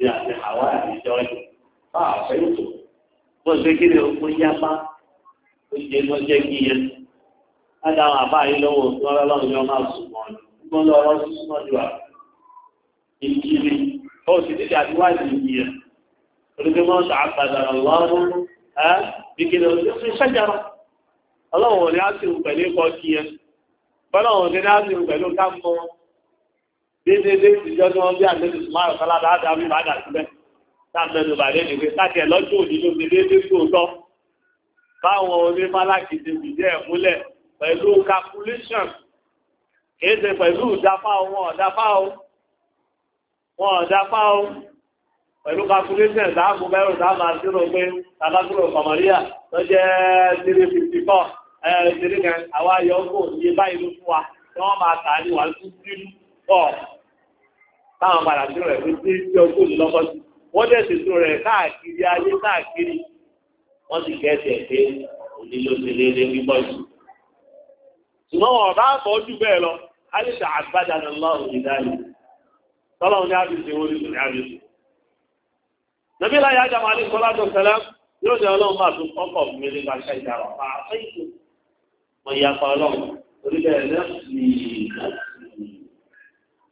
ìdí àti àwọn àdìjọ yìí bá àfẹ́ ètò bó ṣe kí ni ó yápa ó ṣe ló jẹ́ kí yẹn. Ádá àwọn àbá yìí lọ́wọ́ tó ọlọ́run ni wọ́n máa sùn mọ́ ni. Wọ́n lọ ọ̀rọ̀ sí sọ́jú wa. Ìkiri ó sì dídí àdíwájú yẹn. Olùgbé mọ́ sọ àgbàdàrà lọ́rùn ẹ́ bí kí ni ó ṣe ṣẹ́jára. Ọlọ́run ò ní á sì rù pẹ̀lú ikọ̀ kí yẹn. Bọ́lá òun ní á sì rù pẹ̀lú ká mọ́ wọn déédéé ìjọ tí wọ́n bí àlejò sùmárù sọ́lá dáadáa mi bàdà síbẹ̀ sáàmẹ́nu bàdé nìgbé sáàkẹ́ lọ́jọ́ òní ló fi déédéé tó tọ́ báwọn onímọ̀láàkì ti fìdí ẹ̀ múlẹ̀ pẹ̀lú calculation kìí ṣe pẹ̀lú ìdáfà wọn ọ̀dáfà wọn ọ̀dáfà pẹ̀lú calculation dáàbò mẹ́rùn dáàbò àdúrò pé tàbátúrò kọ̀mọ̀ríà tó jẹ́ 354 ẹ̀ẹ́dẹ̀rẹ̀kẹ́ àwọn ayọ̀ ọgbọ̀n yé báyìí ló fún wa tí wọ́n máa tà ní wàásù sínú pọ̀ táwọn padà sínú rẹ̀ fi tí tí ogún lọ́kọ́ sí wọ́n dẹ̀ sì sínú rẹ̀ káàkiri ayé káàkiri wọ́n sì gẹ̀ẹ́sì ẹ̀ pé òní ló ti lé lé bíbọ́ jù. ṣùgbọ́n wọn bá bọ́ jù bẹ́ẹ̀ lọ alisa àgbàdà ní lọ́rùn ìdáyé tọ́lọ́run ní àbíṣe wọ́n ní àbíṣe. nàbí láyé ajá máa ní kọ́lá tó ṣẹlẹ̀ yóò ní ọlọ́run máa tún kọ́kọ́ mi ní gbàṣẹ ìjà rọ̀ pa àfẹ́ ìtò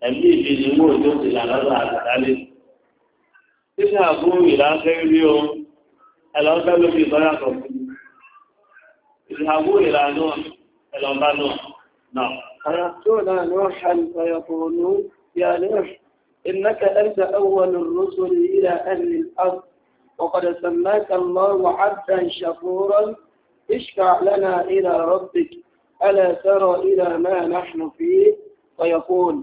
ẹ̀mí ìfi ni wọ́n tó ti là lọ́dọ̀ àtàlẹ́. Títí àbúrò ìlànà rí o, ẹlọ́gbẹ́ ló fi ìtọ́jà kan fún mi. Títí ìlànà ẹlọ́gbà نوحا فيقولون يا نوح إنك أنت أول الرسل إلى أهل الأرض وقد سماك الله عبدا شكورا اشفع لنا إلى ربك ألا ترى إلى ما نحن فيه فيقول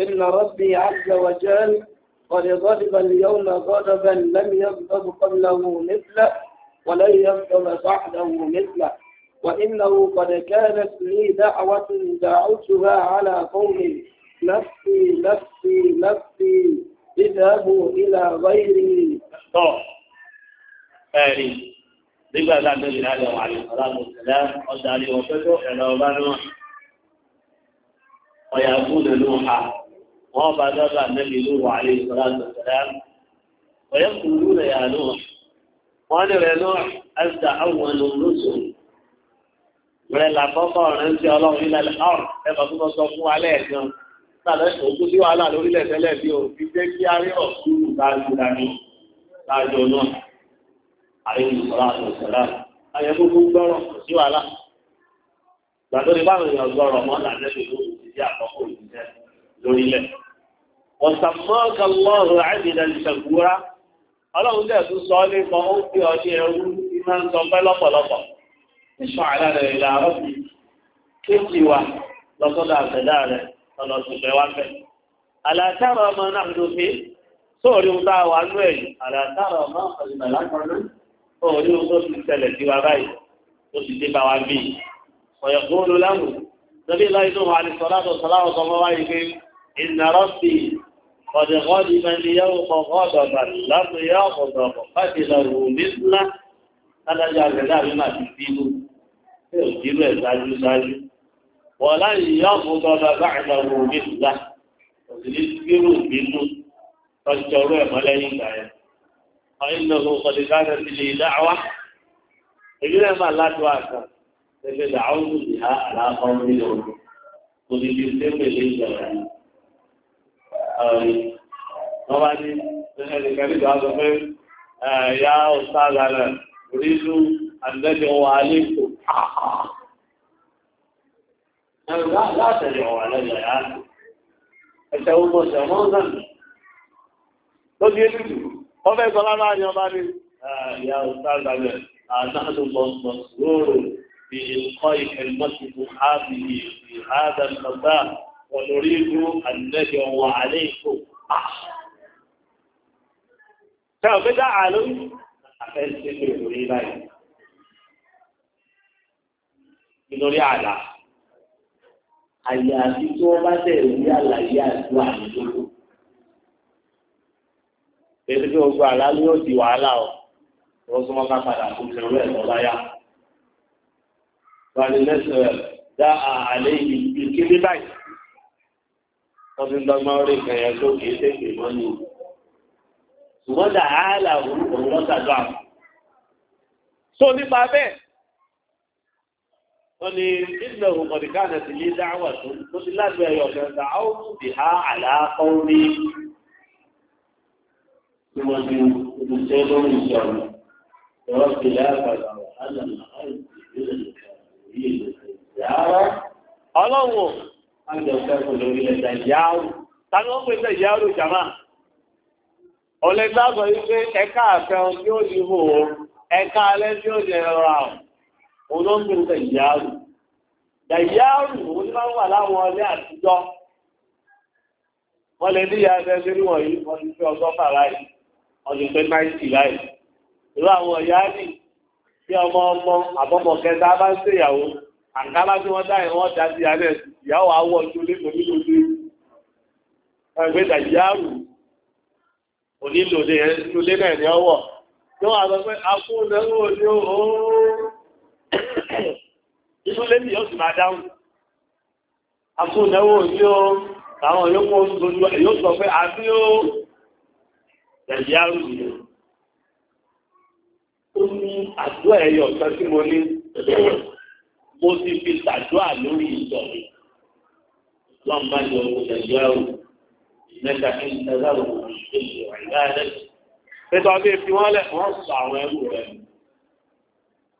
إن ربي عز وجل قد غضب اليوم غضبا لم يغضب قبله مثله ولن يغضب بعده مثله وإنه قد كانت لي دعوة دعوتها على قومي نفسي نفسي نفسي اذهبوا إلى غيري ẹ̀rí آلي tá a tó عليه الصلاة والسلام ọ̀làmù عليه ọ̀dà àlè ọ̀tọ́jọ́ ẹ̀rọ ọba wọ́n bá dábà nẹ́bí lóru àlẹ́ ìsọ́lá ìsọ́lá ọ̀yẹ́ kúrú rẹ̀ yà náà wọ́n ní rẹ̀ náà ẹ̀sà àwọn olóṣù rẹ̀ làkọ́kọ́ rẹ̀ ń ti ọlọ́run ilẹ̀ ọ̀rọ̀ ẹ̀bà tó kọ́ sọ fún alẹ́ ẹ̀gbọ́n tàbí òkú sí wàhálà lórílẹ̀ tẹ́lẹ̀ bí o fi jẹ́ kí a rí ọ̀sùn láàájú dání láàájú náà àlẹ́ ìsọ́lá ìsọ́lá ayẹ gbogbo gbọ́rọ̀ kò sí wàhálà gbàdúrà báwọn èèyàn gbọ́rọ̀ mọ́ làdẹ́bí lóru ti di àkọ́kọ́ òṣìṣẹ́ lórílẹ̀ ọ̀sàmọ́ọ̀kà lọ́rùn àìdìdà ìṣàgbúra ọlọ́run dẹ̀ tún sọ nípa ó fi ọdí ẹrú tí máa ń sọ pẹ́ lọ́pọ̀lọpọ̀ ìṣọ́ àlàrẹ̀ ìlà ọ̀bí kéèkì wa lọ́sọ́dọ̀ àtẹ̀dá rẹ̀ ọ̀nà òṣìṣẹ́ wa fẹ́. àlàtàrà ọmọ náà ló fi sóòrí قد غضب اليوم غضبا لم يغضب قتله مثله adájọ́ àgbẹ̀dá mi máa ti bínú tí ò bínú ẹ̀ ṣáájú ṣáájú wọ́n láì yá máa ládùn àgbà ẹgbẹ́ dàáwó ní ìhà àlàáfọ́ orí ọ̀rọ̀ òsìlí bírò lè ìgbà yẹn ọ̀rẹ́ wọ́n bá ní ẹnìkan nígbà sọ pé ẹ̀yà ọ̀sáàlà rẹ̀ orílú àdẹ́jọ wà ní kò látẹ̀lẹ̀ wà lẹ́yà yá ẹ̀ṣẹ̀ ọmọ ṣẹ̀mọ́ náà lóbi ètùtù wọ́n fẹ́ sọ lára ní ọba ní ẹ̀yà ọ̀sáàlà rẹ̀ àdáàdùbọ̀sọ̀ lóòrò في إلقاء كلمته هذه في هذا المساء pọ̀lórí ibú àdínlẹ́dẹ̀ ọwọ́ alẹ́ ìkó tẹ́wọ̀ pé dá àlórí àfẹ́sí pé orí báyìí nítorí àlà àyà àti tí wọ́n bá tẹ̀lé ní àlàyé àdúrà àdúgbò pẹ̀lú pé ó di wàhálà ọ̀ wọ́n súnmọ́ ká padà kó tẹ̀lé rẹ̀ lọ́la yá. Wàlẹ̀ lẹ́sẹ̀ dá àlẹ́ ìgbìkébé báyìí wọ́n ti ń dọ́gbọ́n orí kan yẹn tó kì í tètè mọ́ ni. ṣùgbọ́n dà á là òun lọ́ sàdọ́ àwọn. so nípa bẹ́ẹ̀ wọ́n ní ìlú ọ̀hún kọ̀díkánà ti ní ọlọ́run Ọlẹ́gbàgbọ́ wípé ẹka àfẹ́hàn tí ó di hò ó, ẹka alẹ́ tí ó jẹ ẹ̀rọ àrùn, olóògbé Dàìyáàrù. Dàìyáàrù ó ní máa ń wà láwọn ọlẹ́ àtijọ́. Wọ́n lè ní ìyá sí wọ̀nyí, wọ́n ti fẹ́ ọgọ́fà àǹkálá tí wọ́n dáyẹ̀ wọ́n dá sí alẹ́ ìyàwó àwọ̀ tó lé kò nílò dé ẹgbẹ́ ìdàjíyàrù kò ọwọ́ tí wọ́n àgbẹ̀ pé akúnnẹ́wò ní ooo inú yóò sì máa dáhùn akúnnẹ́wò àdúrà ẹyọ ọ̀sán tí mo ní ó sì fi ṣàdúrà lórí ìsọ̀rọ̀ lọ́n bá yọ ìṣẹ̀dúrà o mẹ́ta kí n tẹ́lá o ṣe ìwà ìbáyẹn. Pété ọbẹ̀ fi wọ́n lẹ̀ wọ́n sọ àwọn ẹrú rẹ̀.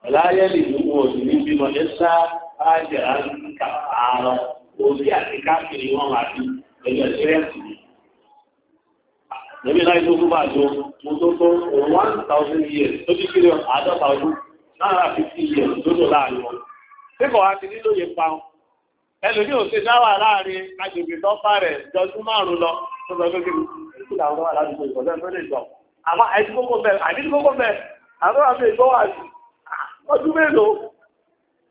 Ọ̀láyé lè mú wọn sí ní bímọ ní sá ájẹ̀ àríkà àárọ̀ òbí àti káàkiri wọn wà ní pẹ̀lú ẹ̀sírẹ́ǹsì mi. Lẹ́bí náà tó fún bàjọ́ mo tó tó one thousand years tó bí kiri àádọ́ta ọdún náírà fifty years tó tó láàrin Tíkọ̀ wá ti nílò pa wọn. Ẹlòmí ò ṣe dáwà láàrin agbègbè tọ́pá rẹ̀ jọdún márùn-ún lọ tó lọ lókè ìlú àwọn ọmọ aládùúgbò tó lè jọ. Àmọ́ àìsí kókó bẹ̀rẹ̀, àìsí kókó bẹ̀rẹ̀, àwọn àmì ìgbọ́wà ọdún mélòó.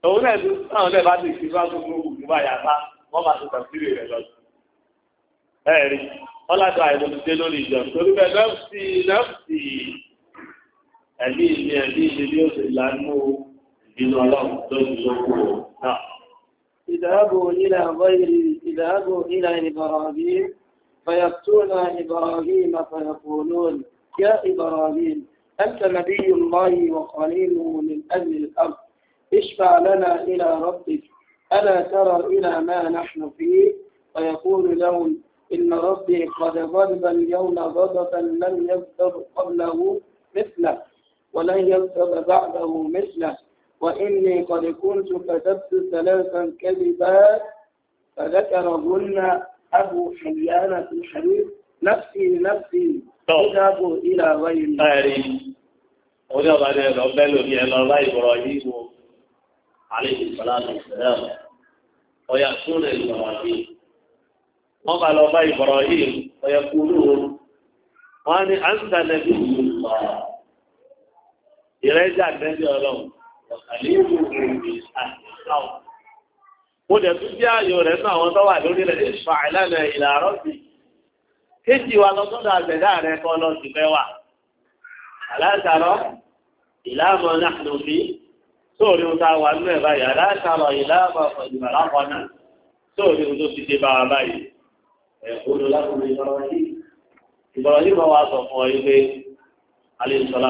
Òun náà ti sáwọn ọ̀dẹ́ bá ti fi bá tó gbogbo ìgbà yàtá, wọ́n bá ti tàbílì rẹ̀ lọ. Ẹ̀rí, ọlájọ́ àìlòmídé lórí ìjọ, torí bẹ́ẹ̀ lọ́pì lọ́pì ẹ̀mí ìlú ẹ̀mí ìlú yóò ṣe lánú نعم. اذهبوا إلى غير اذهبوا إلى إبراهيم فيأتون إبراهيم فيقولون يا إبراهيم أنت نبي الله وخليله من أهل الأرض اشفع لنا إلى ربك ألا ترى إلى ما نحن فيه فيقول لهم إن ربي قد غضب اليوم غضبا لم يغضب قبله مثله ولن يغضب بعده مثله وإني قد كنت كتبت ثلاثا كذبا فذكر ظن أبو حيانة الحديث نفسي نفسي أذهب إلى غير طيري أولا بعد أن أبالو في أن الله إبراهيم عليه الصلاة والسلام ويأتون إبراهيم وقال الله إبراهيم ويقولون وأني أنت نبي الله إليه جاء نبي الله mo dẹ̀ tún jẹ́ ayò rẹ̀ fún àwọn tó wà lórí rẹ̀ fa ìlànà ìlàrọ̀ sí kéjì wa lọ sọ́dọ̀ àgbẹ̀dá rẹ̀ kọ́ lọ sí fẹ́ wà aláṣàrọ̀ ìlàmọ̀ náà ló fi sóòrí ohun tá a wà nínú ẹ̀ báyìí aláṣàrọ̀ ìlàmọ̀ ìgbà lápọ̀ náà sóòrí ohun tó ti dé bá wa báyìí ẹ̀kọ́ ló lákùnrin ìbọ̀rọ̀ yìí ìbọ̀rọ̀ yìí máa wá sọ fún ọ yìí pé alẹ́ ìsọ̀lá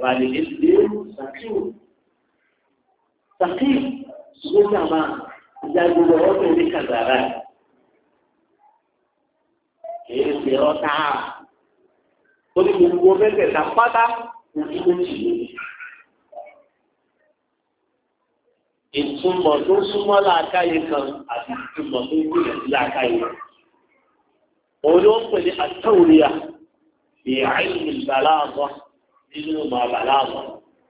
ràdìdì lè sàkíù sàkíù ṣùgbọ́n sàmà ìjàgbọ̀rọ̀ ọ̀tọ̀ ní kàgàrà kìí ṣe ọ̀tá ó ní gbogbo mẹ́tẹ̀ẹ̀ta pátá òkú tó ti lè. ìtumọ̀ tó súnmọ́ láàkáyé kan àti ìtumọ̀ tó nínú màbàlá àwọn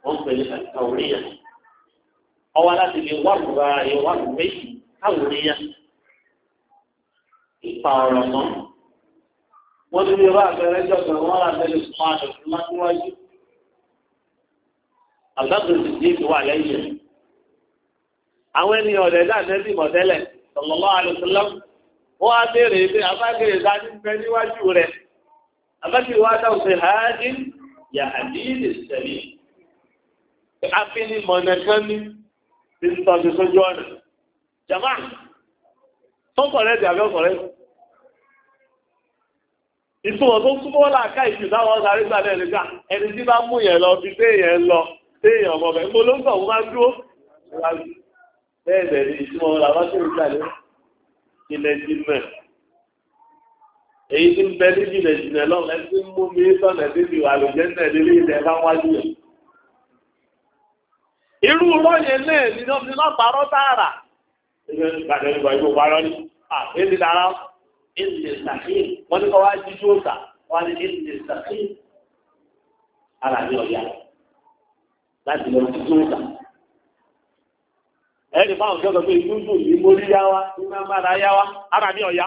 wọn pẹ̀lú àtàwòríyà ọwọ́ láti lè wà lùwà ìwà méjì àwòríyà ipa ọ̀rọ̀ mọ́ wọ́n ti lè wá àgbẹ̀rẹ̀ jọ̀gbọ̀n wọn rà mẹ́lẹ̀ fún àdùnkún látíwájú àgbàdo ti di ìwà lẹ́yìn àwọn ènìyàn ọ̀dẹ̀ dá nẹ́bí mọ̀tẹ́lẹ̀ sallallahu alaihi wasallam wọ́n á béèrè pé abákèrè dání pẹ́ níwájú rẹ̀ abákèrè wá dáhùn pé hàájí yàhàdìlì sẹ́lẹ̀ afínimọ̀nà kan ní ti ń tọ́jú sójú ọ̀nà jama tó kọ̀rẹ́ ti àbẹ́ ọ̀kọ̀rẹ́ ìtumọ̀ tó súnmọ́ làákà ìjù táwọn sáré gbà lẹ́nu ká ẹni tí bá mú yẹn lọ bí téèyàn lọ téèyàn ọmọ bẹ̀ ń ló ń bọ̀ wọ́n máa dúró bẹ́ẹ̀ bẹ̀rẹ̀ ìtumọ̀ làwọn tó ń gbà lẹ́nu ilẹ̀ jìnnà èyí tí ń bẹ ẹ ti ń mú mi sọ̀nà débi wà ló jẹ́ náà lórí ilẹ̀ bá wájú rẹ̀. irú rọ́yẹ̀ náà ni wọ́n fi lọ́ọ́ parọ́ tààrà. ilé ìgbàdé ìgbà ìgbò parọ́ ni èdè dára èdè sàkíyè wọ́n ní kọ́ wá jíjú òòsà wọ́n ní èdè sàkíyè. alàyè ọ̀yà láti lọ jíjú báwọn pé yìí mórí yá wa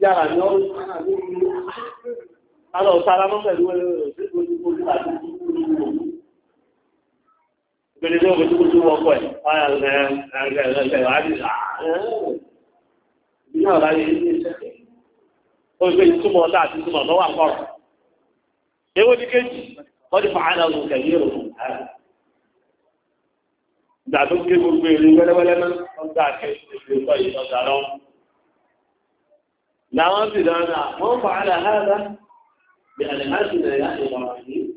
yàrá ni ó alọ sára mọ́ pẹ̀lú Gbèrè ní ọgbẹ̀tí kúrò wọ́pọ̀ ẹ̀, ọ̀yà ẹ̀rẹ̀ẹ̀rẹ̀ àti ìyá ọ̀rá yìí ní ìṣẹ́. Ó gbé ìtumọ̀ ọ̀dá àti ìtumọ̀ lọ́wọ́ àkọ́rọ̀. Ewé ní kéjì, wọ́n ti fàánà ọdún kẹ̀lé òun. Ìgbà tó gé gbogbo èrè wẹ́lẹ́wẹ́lẹ́ náà, ọgbà làwọn sì dáadáa wọ́n fà á láhàdá bí àlèhásì rẹ̀ yá ìwà àti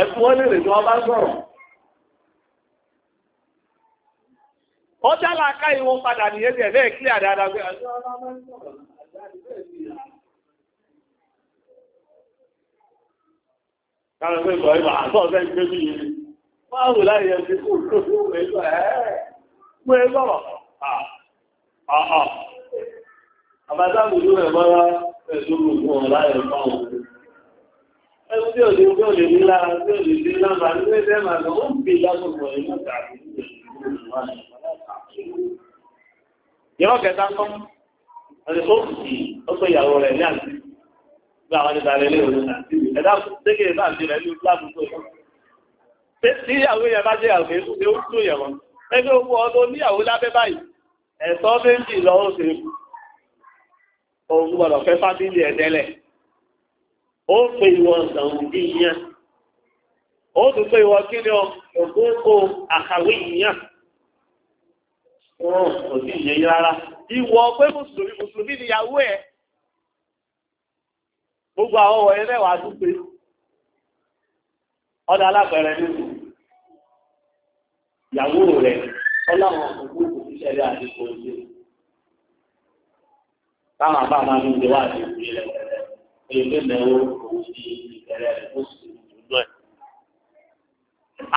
ẹ̀kú wọ́n lè rè tí wọ́n bá sọ̀rọ̀. ó dálà ká ìwọ̀n padà nìyẹn tẹ̀ bẹ́ẹ̀ kí àdáadáa gbé Káàrùn pé ìgbọ̀ ìgbà àtọ́ ọ̀sẹ́ ìgbé bí i. Máa wù láyé ẹ̀ sí kò tó fún ìwé ìgbà ẹ̀. Mú ẹgbọ́n. Àbájáwò ló rẹ̀ mọ́ra ẹ̀sùn gbogbo ọ̀la ẹ̀fọ́ òun ẹgbẹ́ tí ò lè tí ní lára tí ò ní lára ní ẹgbẹ́ máa lọ ó ń fi lágbègbè rẹ̀ mọ́ta àti ìyọ́ kẹta kọ́ ẹni tó fi ọkọ̀ ìyàwó rẹ̀ ní àti gba àwọn ìgbà rẹ̀ léwu àti ẹ̀dá tẹ́kẹ̀ ìgbà àti rẹ̀ ní ìgbàgbọ́ tó yẹ. tí ìyàwó yẹn bá jẹ́ ìyàwó yẹn ó tó yẹ wọn ẹgbẹ́ ogun ọdún níyàwó lábẹ́ báyìí ẹ̀sọ́ méjì lọ́wọ́ sí ogun gbọ́dọ̀ fẹ́ fábílì ẹ̀ ó pe ìwọ ṣàwùdí yẹn ó tún pe ìwọ kí ni ọ àkàwé yẹn wọn kò sí ìyẹn rárá pé mùsùlùmí mùsùlùmí níyàwó ẹ gbogbo àwọn ọ̀wọ̀ yẹn lẹ́wàá tún pé ọ̀dà nínú ìyàwó rẹ̀ ọláwọn òkú òṣìṣẹ́ rẹ̀ àti kò ṣe táwọn àbá máa ń jẹ wá àti ìpínlẹ̀ ilé lẹ́wọ́ òun ní ìbẹ̀rẹ̀ ìkóṣù ìdúró ẹ̀.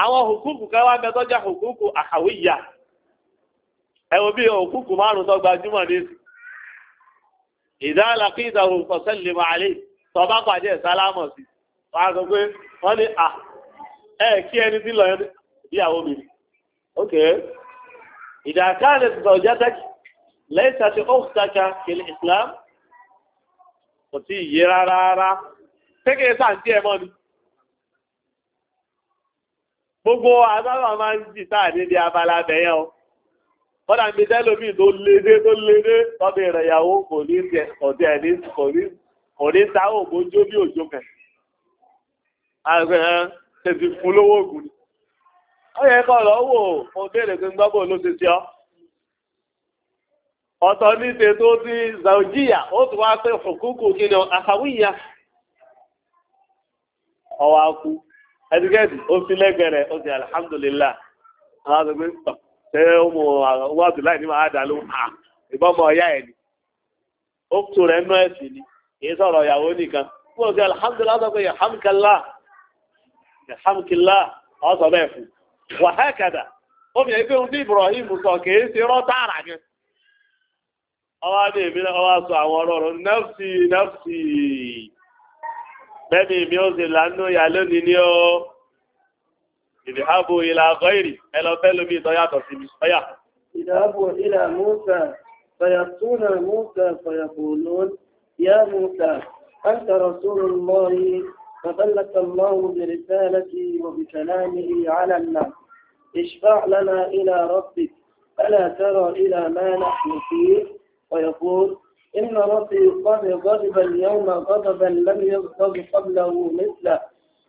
àwọn hukuku kan wá bẹ tọ́jà hukuku àkàwéyà ẹ wo bí hukuku márùn tó gbajúmọ̀ ní ìsìn. ìdá àlàkíyìdá òun fọ̀sẹ́lì màálé tọ́ba pàdé ẹ̀ sálámọ̀ sí wọ́n á sọ pé wọ́n ní à ẹ kí ẹni tí lọ yẹn ìyàwó mi kò tí ì yé rárá rárá kékeré sáǹtì ẹ̀ mọ́ ni. gbogbo àtàwọn máa ń jì táà níbi abala bẹ̀yẹn o kọ́dà ń bi tẹ́lómìn tó lédè tó lédè tọ́bi ìrẹ̀yàwó kò ní tiẹ̀ ní kò ní kò ní bí òjò kẹ̀. àgbẹ̀ ẹ̀ fún lówó ògùn ni. ó yẹ kọ́ lọ́wọ́ mo béèrè pé ló ti ṣe ọ́. Ọtọ ní tètò ti zaujiya ó ti wá pé hukuku kí ni àkàwíyà ọwọ́ akú ẹdígẹ́dì ó fi ó ti alhamdulillah àwọn àgbẹ̀ ṣe ọmọ àwọn àbúláì ní máa dà ló ha ọyá ẹ̀ ni ó tó rẹ̀ nú ẹ̀sìn ni sọ̀rọ̀ ìyàwó nìkan ti alhamdulillah sọ ọwá ní èmi náà wá sọ àwọn ọ̀rọ̀ ọ̀rọ̀ nẹ́fì nẹ́fì bẹ́ẹ̀ni mi ó sì lánú ìyá lónìí ní ó ìdìbò ìlà àgọ́ ìrì ẹ lọ fẹ́ lómi ìtọ́ yàtọ̀ sí mi ọ̀yà. ìdìbò ìlà Musa fayasuna Musa fayakulun ya Musa anta rasulullahi فبلغ الله برسالته وبكلامه على الناس اشفع لنا إلى ربك ألا ترى إلى ما نحن فيه ويقول إن ربي قد غضب اليوم غضبا لم يغضب قبله مثله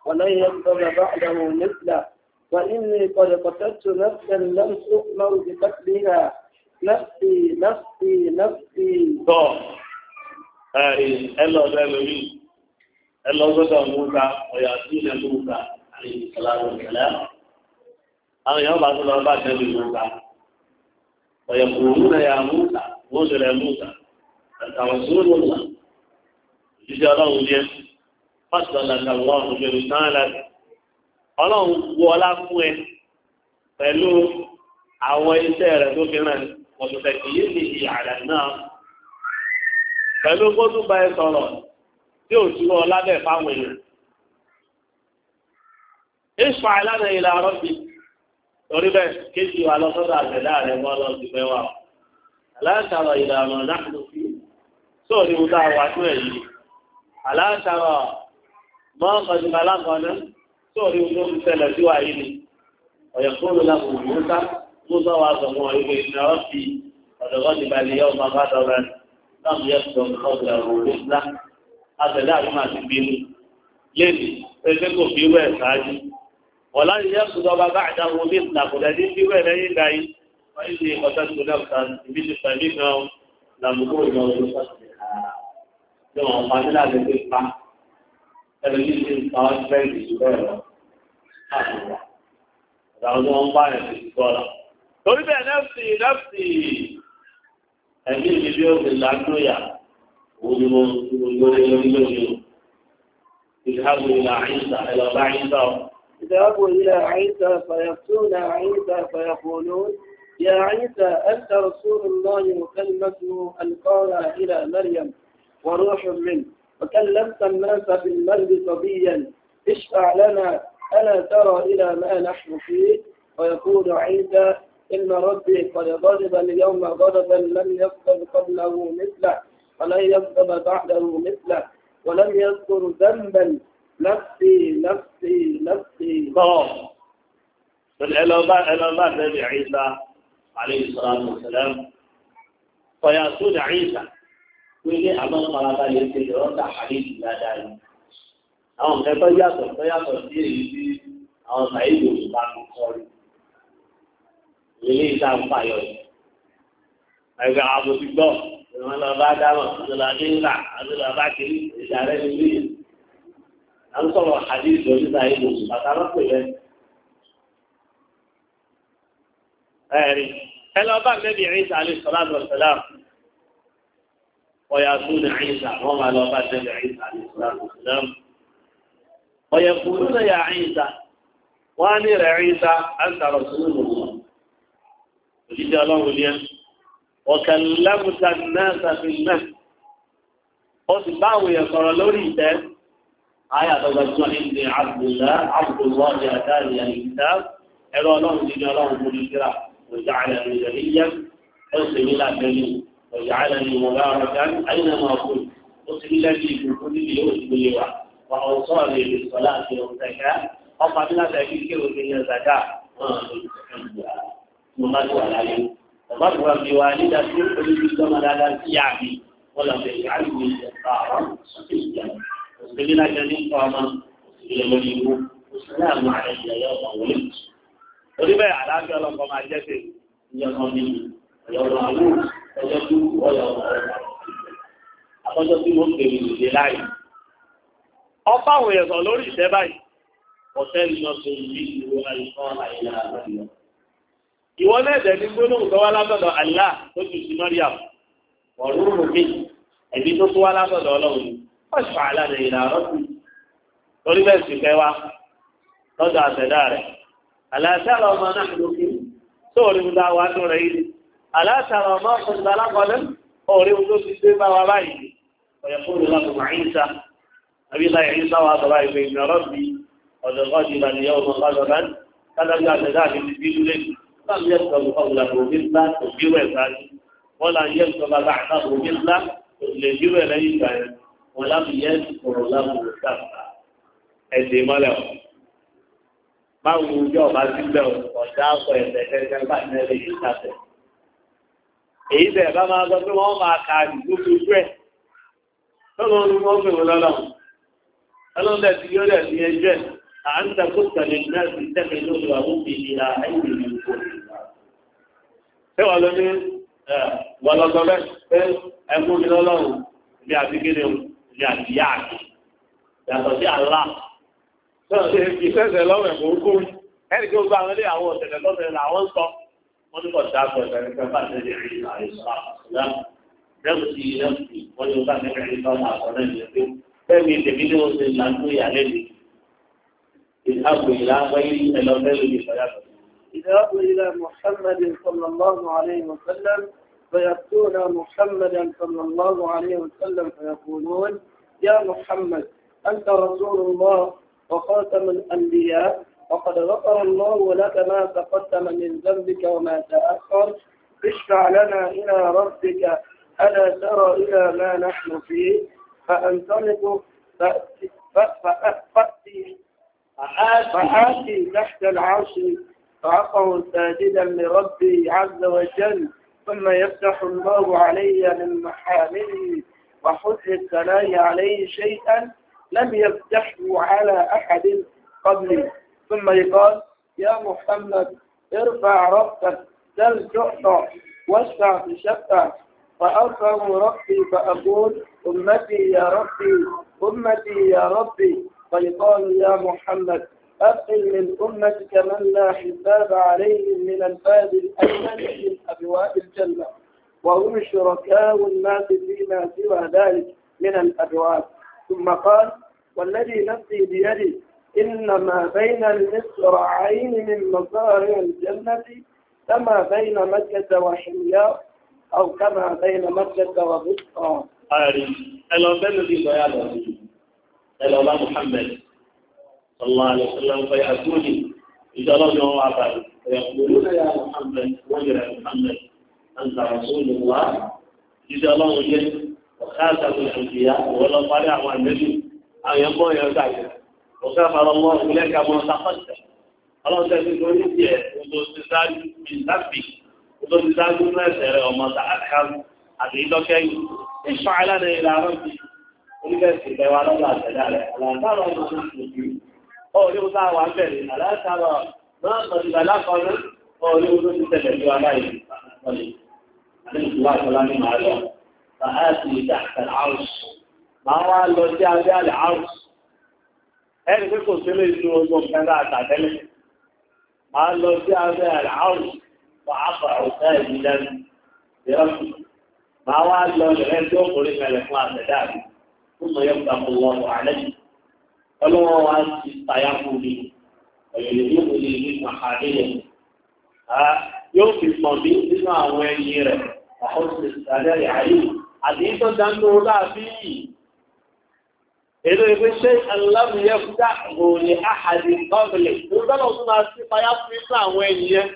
ولن يغضب بعده مثله وإني قد قتلت نفسا لم أؤمر بقتلها نفسي نفسي نفسي أي آه، الله ذلك الله ذلك موسى ويأتينا موسى عليه السلام والسلام أنا يوم بعد الله بعد موسى ويقولون يا موسى wọ́n ṣẹlẹ̀ mọ́ta àtàwọn tó ló wà jíjẹ́ ọlọ́run jẹ́ pásítọ̀lá àtàwọn òṣèlú sáàlá ọlọ́run wọ ọlá fún ẹ pẹ̀lú àwọn iṣẹ́ rẹ̀ tó fi ràn ọ̀sọ̀tẹ̀ kì í ní ìyàrá náà pẹ̀lú kó tún bá ẹ sọ̀rọ̀ tí ò túbọ̀ ọlá bẹ̀ fáwọn èèyàn ìṣọ̀ àìlànà ìlà àrọ́bì torí bẹ́ẹ̀ kéjì wà lọ́sọ́dọ̀ àtẹ̀dá rẹ̀ mọ́ lọ́sí aláǹtarọ̀ ìlànà láàrín fi sóò ní ọdá wà tó ẹ̀ yìí aláǹtarọ̀ mọ́ ọdún aláǹkọ̀ọ́nà sóò ní ọdún ìṣẹ̀lẹ̀ sí wà yìí ni ọ̀yọ̀ kúrò láàrín mọ́ta mọ́ta wà sọ mọ́ ìwé ìṣẹ̀lẹ̀ ọ̀fì ọ̀dọ̀gọ́ ti balẹ̀ yọ ọmọ bá dọ̀rọ̀ láàrín yẹ sọ ọ̀dọ̀ òwúrọ̀ ńlá àtẹ̀lé àdúmà ti bínú lẹ́nu ẹgbẹ́ kò fi wẹ̀ ṣáájú ọ̀lá ìyẹ́ sọ فإني قتلت نفسا بمثل فهمها لم يكن موصوفا بها لما قال لا تسمع تلميذ صار بين السورة Àwọn ọmọ bá yẹn ti gbọ́ra. Torí bẹ́ẹ̀ nẹ́fsì nẹ́fsì ẹ̀mí mi bí ó ti lágbóyà, òun ni إلى عيسى إلى عيسى. اذهبوا إلى عيسى فيأتون عيسى فيقولون يا عيسى أنت رسول الله وكلمته ألقاها إلى مريم وروح منه وكلمت الناس في صبيا اشفع لنا ألا ترى إلى ما نحن فيه ويقول عيسى إن ربي قد غضب اليوم غضبا لم يغضب قبله مثله ولن يغضب بعده مثله ولم يذكر ذنبا نفسي نفسي نفسي الله العلماء العلماء النبي عيسى عليه الصلاة والسلام فياسود عيسى ويجي أمام قلبا يمكن يرد حديث لا داعي أو كيف يأتون فيأتون فيه أو سعيد وسلطان مصوري يلي إسلام فايوي أيها أبو تبقى ìwọ̀n lọ bá dámọ̀ àdúrà nígbà àdúrà bá kiri ìdàrẹ́ nílé yìí. à ń sọ̀rọ̀ àdé ìdòmíta ìbò bàtà lọ́pẹ̀ yẹn. ẹ̀rí ẹlọ bá nẹ́bí Ìsá alayhi wassalam ọ̀yà fún Ìsá wọ́n máa lọ bá nẹ́bí Ìsá alayhi wassalam ọ̀yà fún ní ya Ìsá wọ́n ní rẹ̀ Ìsá anta rasulullah òjíṣẹ́ ọlọ́run ní ẹ ọ̀kẹ́lẹ́mùsà náà sàfihàn ó sì bá àwọn èèyàn sọ̀rọ̀ lórí ìtẹ́ ayé àtọ́gbàjọ́ ìdè Abdullah Abdullah ọ̀dẹ̀ àdáyé ẹ̀rọ ọlọ́run ní ọlọ́run وجعلني نبيا واسلم الى وجعلني مباركا اينما كنت اسلم لي في كل يوم واوصاني بالصلاه والزكاه ọmọ abúlé àti ẹbí kéwòn ní ẹzàdá mọmọdé wà láyé mọmọdé wà bí wà nígbà tí ó ní bí sọmọ dáadáa sí àbí wọn lọ bẹ yàrá ìwé ìjọba àwọn sọtẹ ìjà òṣèlú lájọ ní kọ ọmọ òṣèlú lórí ikú òṣèlú àmọ́ àrẹ ìjọba ọmọ wọlé torí bẹ́ẹ̀ lórí ìtẹ́ báyìí ọ̀tẹ́ ìyọ̀ tó yí ìwé àìsàn àìlà àbáyọ. ìwọ lẹ́ẹ̀dẹ̀ ní gbólóhùn tó látọ̀dọ̀ àlá tó ju sí mọ́ríàm ọ̀rúurú mi ẹ̀mí tó tó wá látọ̀dọ̀ ọlọ́run aláṣàrà ọmọ náà lókè tó orí mú dáwà tó rẹ̀ yìí aláṣàrà ọmọ ọkùnrin alákọ̀ọ́lẹ́ orí mú tó ti dé bá wa báyìí ọ̀yẹ̀ fún ìlànà àyíṣà àbílá ẹ̀yìn sáwà àtọ̀rà ìgbẹ̀ ìgbẹ̀rọ̀bì ọ̀dọ̀gọ́ ti bá níyàwó ọmọ ọlọ́dán tábàbí àtẹ̀dá àti ti bí lulẹ̀ láti yẹ sọ ọ̀gbọ̀n òbí ńlá òbí rẹ̀ sáájú báwo ojú ọba sílẹ̀ ọ̀dà àpọ̀ ẹ̀sẹ̀ kẹ́kẹ́ bá nílẹ̀ yìí sáfẹ̀. èyí tẹ̀ bá máa sọ pé wọ́n máa ka àdìgbò gbogbo ẹ̀ tọ́lọ́ ní wọ́n fèrè à ń àwọn òbí ra ìlú kò ṣé ní yàtọ̀ إذا إلى محمد صلى الله عليه وسلم فيأتون محمدا صلى الله عليه وسلم فيقولون يا محمد أنت رسول الله وخاتم الأنبياء وقد غفر الله لك ما تقدم من ذنبك وما تأخر اشفع لنا إلى ربك ألا ترى إلى ما نحن فيه فأنطلق فأتي, فأتي تحت العرش فأقع ساجدا لربي عز وجل ثم يفتح الله علي من محامله وحسن ثناي عليه شيئا لم يفتحه على أحد قبلي ثم يقال يا محمد ارفع ربك سل تعطى واشفع تشفع فأرفع ربي فأقول أمتي يا ربي أمتي يا ربي فيقال يا محمد أقل من أمتك من لا حساب عليهم من الباب الأيمن من أبواب الجنة وهم شركاء الناس فيما سوى ذلك من الأبواب ثم قال والذي نفسي بيدي إنما بين المصراعين من مصارع الجنة كما بين مكة وحمياء أو كما بين مكة وبصرى. أري بين ذي بيانا ألا لا محمد صلى الله عليه وسلم فيأتوني إذا لم يوم فيقولون يا محمد ويا محمد أنت رسول الله إذا لم يجد وخاتم الأنبياء ولو طلع النبي أن يقول يا سعيد وكفر الله لك ما تقدم الله تعالى يقول لك وتستاج من ذنبك وتستاج من سير وما تأخر أبيدك اشفع لنا إلى ربك ولك سيدة وعلى الله تعالى لا ترى ما نحن أو لو دعوا عن لا ترى ما قد بلغنا أو لو نتبع عليه عليه الصلاة والسلام عليه فآتي تحت العرش ما هو الذي على العرش هل في قصير يوم كذا تعتمد ما الذي على العرش وعقع ساجدا بربه ما هو العرش يقول إن الإخلاص ذلك ثم يفتح الله عليه فلو وأنت استيقظ لي ويلزمه لي من محارمه ها آه، يوم في الماضي إنه يرى وحسن السلام عليه àdíjọ́ dáńtò láàbí èrò ìwé ṣe aláàmìyẹ fúdá òní àhàdì gọ́ọ̀bìlì tó máa sí fún àwọn ènìyàn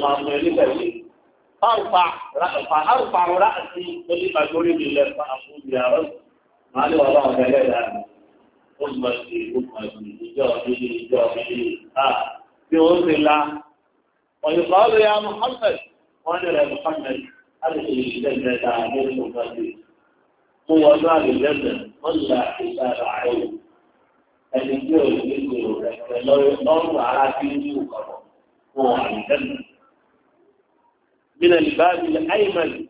kò sí فارفع فارفع رأسي كلما تريد الله فأقول يا رب ما لي والله جلالا أمتي أمتي إجابي إجابي ها بوضع الله ويقال يا محمد وأنا يا محمد أدخل الجنة عمير مقدس هو باب الجنة ولا حساب عليه ẹni tí o lè gbèrò rẹ̀ pẹ̀lú ọrùn ara tí ń yí òkàbọ fún àìjẹnà من الباب الأيمن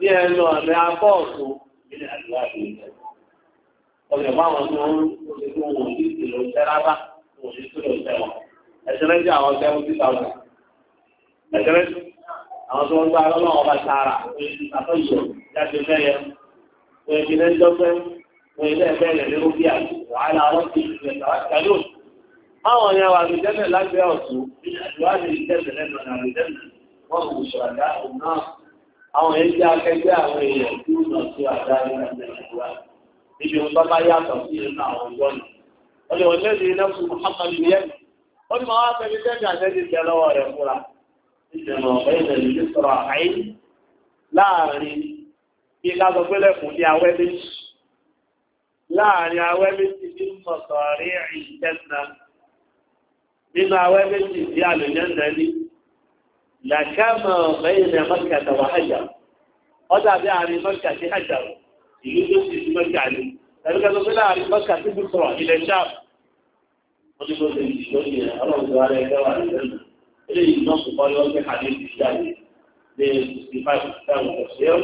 لأنه أعطاته من الباب الأيمن ọ̀rẹ́ báwọn tó ń tó wọ́n ní ìlú sẹ́rábà wọ́n ní ìlú sẹ́wọ̀n àwọn tó ń gba ọlọ́wọ́ bá sára àtọ́jọ jáde mẹ́yẹ wọ́n ti lẹ́ dọ́gbẹ́ wọ́n ilé ẹgbẹ́ rẹ̀ lérò bí wàhálà ọlọ́sìn ìlú ẹ̀sẹ̀ wá kẹ́lú. báwọn yẹn wà lójẹ́lẹ̀ lágbẹ́ ọ̀tún ìlú àti wọ́n mú ṣọ̀dá náà àwọn èyí akẹgbẹ́ àwọn èèyàn tí ó nà sí àdáyé nàìjíríà níbi wọn bá bá yàtọ̀ sí inú àwọn ọjọ́ ni wọ́n lè wọ́n lẹ́sìn iná fún Muhammad yẹn wọ́n ni màá fẹ́ mi tẹ́jú àtẹ́jú tẹ lọ́wọ́ rẹ̀ fúra ìjọba ọ̀pẹ́ ìjọba ìjọba sọ̀rọ̀ àyè láàrin bí ká sọ pé lẹ́kùn ní awẹ́ méjì láàrin awẹ́ méjì ní mọ̀sọ̀rí ìjẹ́sìnà nínú awẹ́ méjì sí àlùjẹ́ làkàmà bẹ́yìn mọ́kà tàwà hajjá ọjà bí àárín mọ́kà sí hajjá ìlú tó ti sí mọ́kà ní ẹ̀rùkà tó fẹ́lá àárín mọ́kà sí bùsọ̀rọ̀ ilẹ̀ sáà wọ́n ti kó ṣe ìṣòyè ọlọ́run ara ẹgbẹ́ wà lẹ́nu ilé ìgbọ́n kò kọ́lé wọ́n fẹ́ hàdé ti jáde lé sixty five thousand ọ̀sẹ̀ ọ́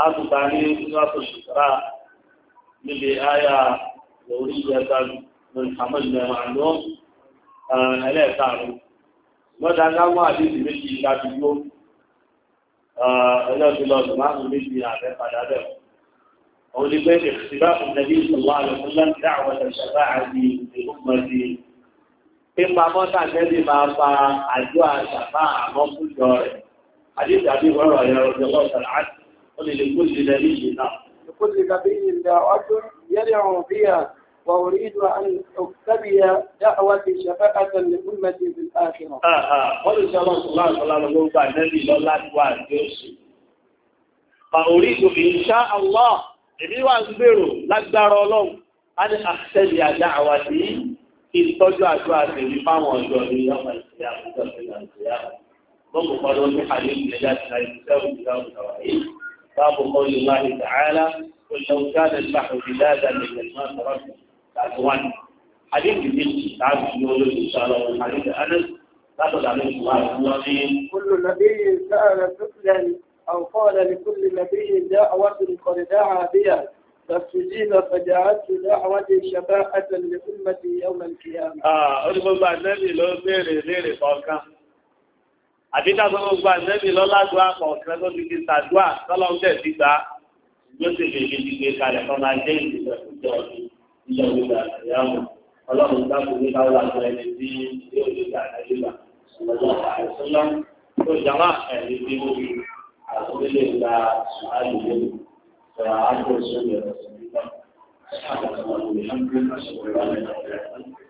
a tún bá ní níwájú ṣùgbọ́n lọ́dà láwọn àdéjì méjì ìdájúgbó ẹlọ́dúnlọ́dún márùn méjì àbẹ́ padà bẹ̀. òun ni pé ìṣìbá ìdàbí ìṣòwò àlùkúnlá ti àwọn ìṣẹ̀fà àti ìgbìmọ̀dì pípa mọ́tà tẹ́lẹ̀ máa fa àjọ àṣàfà àmọ́ fújọ rẹ̀ àdéjì àbí wọ́rọ̀ ẹ̀rọ ìjọba ọ̀sán وأريد أن أكتبي دعوة شفاعة لأمتي في الآخرة. قال صلى الله عليه وسلم النبي لولا توان فأريد إن شاء الله èmi wà ń gbèrò lágbára ọlọ́run a ní àṣẹ́lẹ̀ àjá àwà sí ìtọ́jú àjọ àtẹ̀lé fáwọn ọjọ́ ní ọmọ ìṣẹ́ àwùjọ ìṣẹ́ àwùjọ gbogbo pọ̀lọ́ ní àlejò ẹ̀dá ti láì ṣẹ́ òkúta òkúta wáyé báàbò mọ́ ìlú láì tààlà olùdókòwò káàdì ìgbà òkúta ìdájà lè tẹ̀sán àtàràkùn tàbí wá ní. Adéjì méjì láàbù ní olóyè sọ̀rọ̀ àdéjì Adéjì látọ̀dá ló ti wá ìlú lọ sí. Kullu nabiyyin sa'ala su'lan aw qala li kulli nabiyyin da'watun qad da'a biha فاستجيب فجعلت دعوتي شفاعة لأمتي يوم القيامة. آه أرجو بعد النبي لو بيري بيري فوقا. àbíká tó gbogbo ànẹ́bí lọ́ládùá kọ̀ọ̀kan tó ti di sàdúà tọ́lọ́ńtẹ̀ ti gbà ló sì lè fi gbé kalẹ̀ fún ajé ìdìbò ìjọ ọdún níjọ́ gbígbà ìyáàmù ọlọ́run dákun ní káwọn àjọ ẹni tí ilé òjòjì àtàgbégbà ọlọ́run àìsọ́lá tó jàmá ẹni tí ó fi àtúndélé gba sùhálì lẹ́nu sọ̀rọ̀ àádọ́ sórí ẹ̀rọ sọ̀rọ̀ nígbà